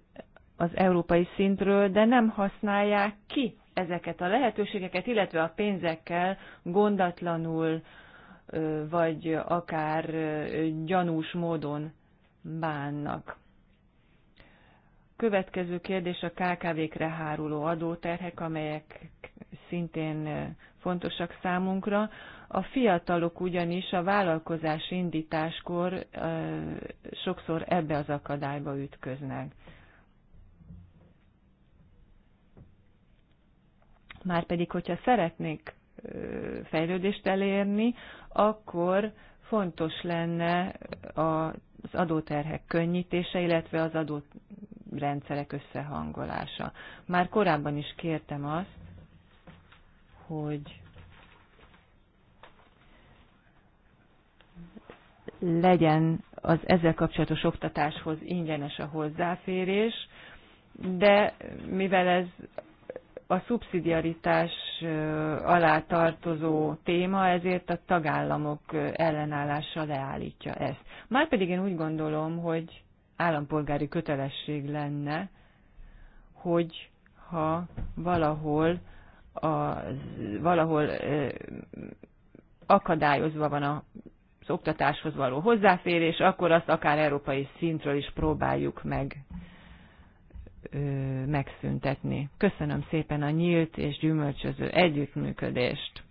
Speaker 3: az európai szintről, de nem használják ki ezeket a lehetőségeket, illetve a pénzekkel gondatlanul vagy akár gyanús módon bánnak. Következő kérdés a KKV-kre háruló adóterhek, amelyek szintén fontosak számunkra. A fiatalok ugyanis a vállalkozás indításkor sokszor ebbe az akadályba ütköznek. Márpedig, hogyha szeretnék fejlődést elérni, akkor fontos lenne az adóterhek könnyítése, illetve az adórendszerek összehangolása. Már korábban is kértem azt, hogy legyen az ezzel kapcsolatos oktatáshoz ingyenes a hozzáférés, de mivel ez a szubszidiaritás alá tartozó téma, ezért a tagállamok ellenállása leállítja ezt. Márpedig én úgy gondolom, hogy állampolgári kötelesség lenne, hogy ha valahol, a, valahol akadályozva van a az oktatáshoz való hozzáférés, akkor azt akár európai szintről is próbáljuk meg megszüntetni. Köszönöm szépen a nyílt és gyümölcsöző együttműködést.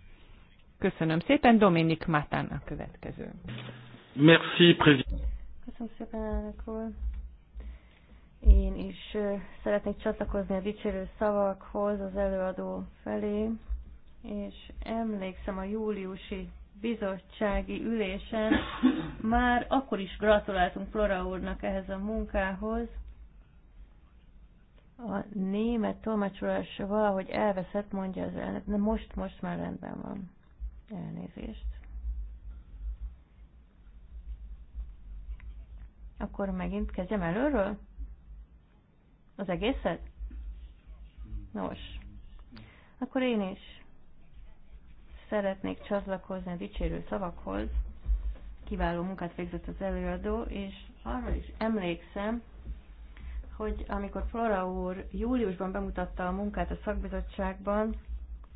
Speaker 3: Köszönöm szépen, Dominik Matán a következő.
Speaker 1: Merci, Köszönöm
Speaker 4: szépen, elnök úr. Én is szeretnék csatlakozni a dicsérő szavakhoz az előadó felé, és emlékszem a júliusi bizottsági ülésen már akkor is gratuláltunk Flora úrnak ehhez a munkához, a német tolmácsolás valahogy elveszett, mondja az elnök. De most, most már rendben van. Elnézést. Akkor megint kezdjem előről? Az egészet? Nos, akkor én is szeretnék csatlakozni a dicsérő szavakhoz. Kiváló munkát végzett az előadó, és arra is emlékszem, hogy amikor Flora úr júliusban bemutatta a munkát a szakbizottságban,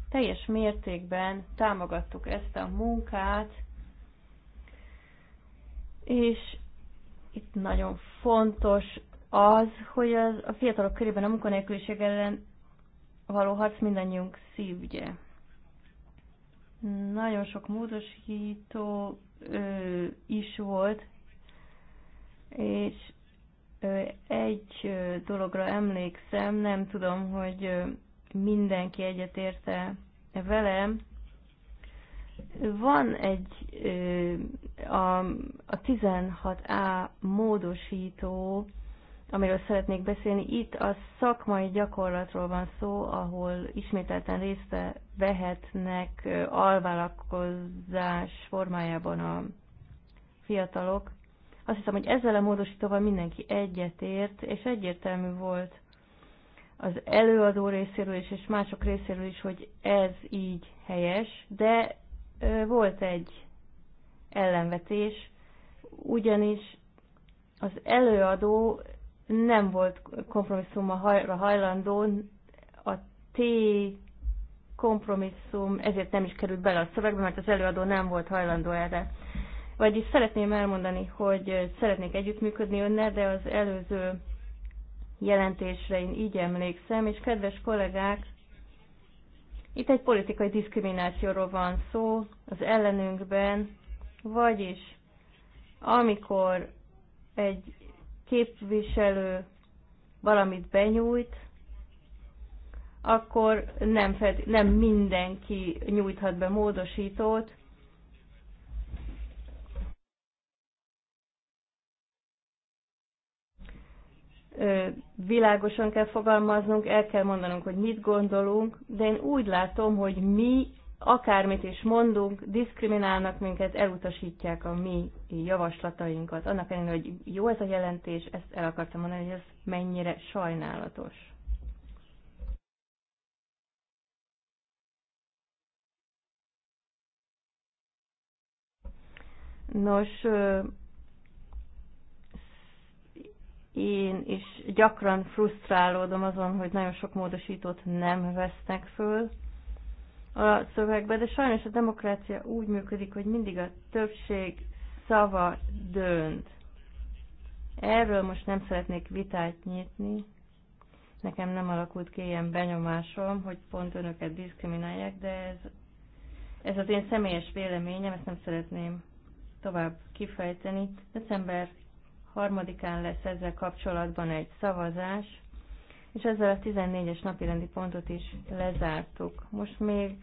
Speaker 4: teljes mértékben támogattuk ezt a munkát, és itt nagyon fontos az, hogy az, a fiatalok körében a munkanélküliség ellen való harc mindannyiunk szívügye. Nagyon sok módosító ö, is volt, és egy dologra emlékszem, nem tudom, hogy mindenki egyetérte velem. Van egy a, a 16A módosító, amiről szeretnék beszélni. Itt a szakmai gyakorlatról van szó, ahol ismételten részt vehetnek alvállalkozás formájában a fiatalok. Azt hiszem, hogy ezzel a módosítóval mindenki egyetért, és egyértelmű volt az előadó részéről is, és mások részéről is, hogy ez így helyes, de volt egy ellenvetés, ugyanis az előadó nem volt kompromisszumra hajlandó, a T kompromisszum ezért nem is került bele a szövegbe, mert az előadó nem volt hajlandó erre. Vagyis szeretném elmondani, hogy szeretnék együttműködni önnel, de az előző jelentésre én így emlékszem, és kedves kollégák, itt egy politikai diszkriminációról van szó az ellenünkben, vagyis amikor egy képviselő valamit benyújt, akkor nem, fed, nem mindenki nyújthat be módosítót, világosan kell fogalmaznunk, el kell mondanunk, hogy mit gondolunk, de én úgy látom, hogy mi akármit is mondunk, diszkriminálnak minket, elutasítják a mi javaslatainkat. Annak ellenére, hogy jó ez a jelentés, ezt el akartam mondani, hogy ez mennyire sajnálatos. Nos, én is gyakran frusztrálódom azon, hogy nagyon sok módosítót nem vesznek föl a szövegbe, de sajnos a demokrácia úgy működik, hogy mindig a többség szava dönt. Erről most nem szeretnék vitát nyitni. Nekem nem alakult ki ilyen benyomásom, hogy pont önöket diszkriminálják, de ez, ez az én személyes véleményem, ezt nem szeretném tovább kifejteni. December harmadikán lesz ezzel kapcsolatban egy szavazás, és ezzel a 14-es napirendi pontot is lezártuk. Most még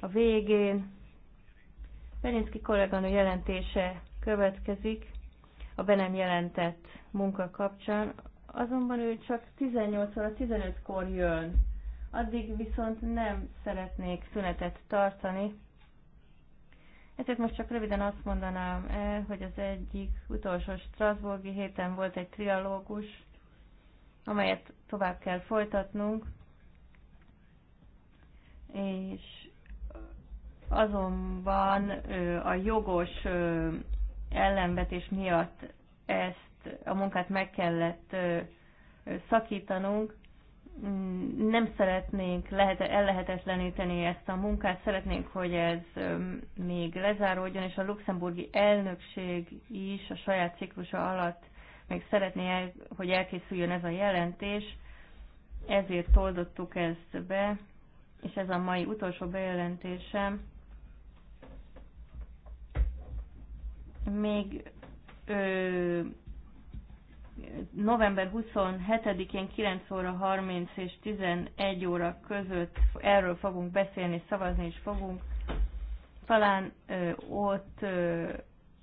Speaker 4: a végén Berinszki kolléganő jelentése következik a be nem jelentett munka kapcsán, azonban ő csak 18 óra 15-kor jön. Addig viszont nem szeretnék szünetet tartani, ezért most csak röviden azt mondanám el, hogy az egyik utolsó Strasbourgi héten volt egy trialógus, amelyet tovább kell folytatnunk, és azonban a jogos ellenvetés miatt ezt a munkát meg kellett szakítanunk, nem szeretnénk lehet, ellehetetleníteni ezt a munkát, szeretnénk, hogy ez még lezáródjon, és a luxemburgi elnökség is a saját ciklusa alatt még szeretné, el, hogy elkészüljön ez a jelentés, ezért toldottuk ezt be, és ez a mai utolsó bejelentésem. Még ö, november 27-én 9 óra 30 és 11 óra között erről fogunk beszélni, szavazni is fogunk. Talán ö, ott ö,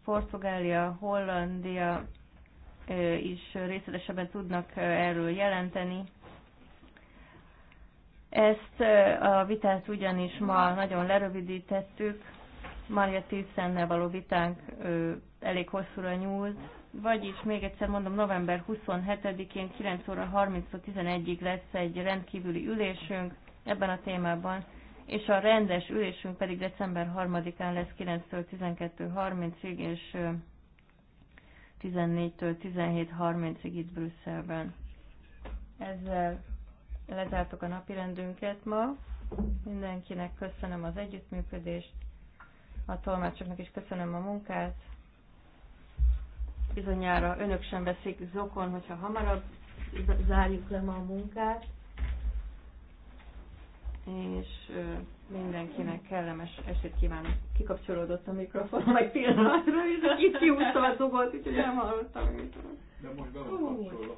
Speaker 4: Portugália, Hollandia ö, is részletesebben tudnak ö, erről jelenteni. Ezt ö, a vitát ugyanis ma nagyon lerövidítettük. Maria Tissennel való vitánk ö, elég hosszúra nyúlt, vagyis még egyszer mondom, november 27-én 9 óra 30 11-ig lesz egy rendkívüli ülésünk ebben a témában, és a rendes ülésünk pedig december 3-án lesz 9-től 12.30-ig, és 14-től 17.30-ig itt Brüsszelben. Ezzel lezártuk a napirendünket ma. Mindenkinek köszönöm az együttműködést, a tolmácsoknak is köszönöm a munkát bizonyára önök sem veszik zokon, hogyha hamarabb zárjuk le ma a munkát, és mindenkinek kellemes esét kívánok. Kikapcsolódott a mikrofon (laughs) majd pillanatra,
Speaker 1: és itt kihúztam a zokot, úgyhogy nem hallottam. De most be van kapcsolva.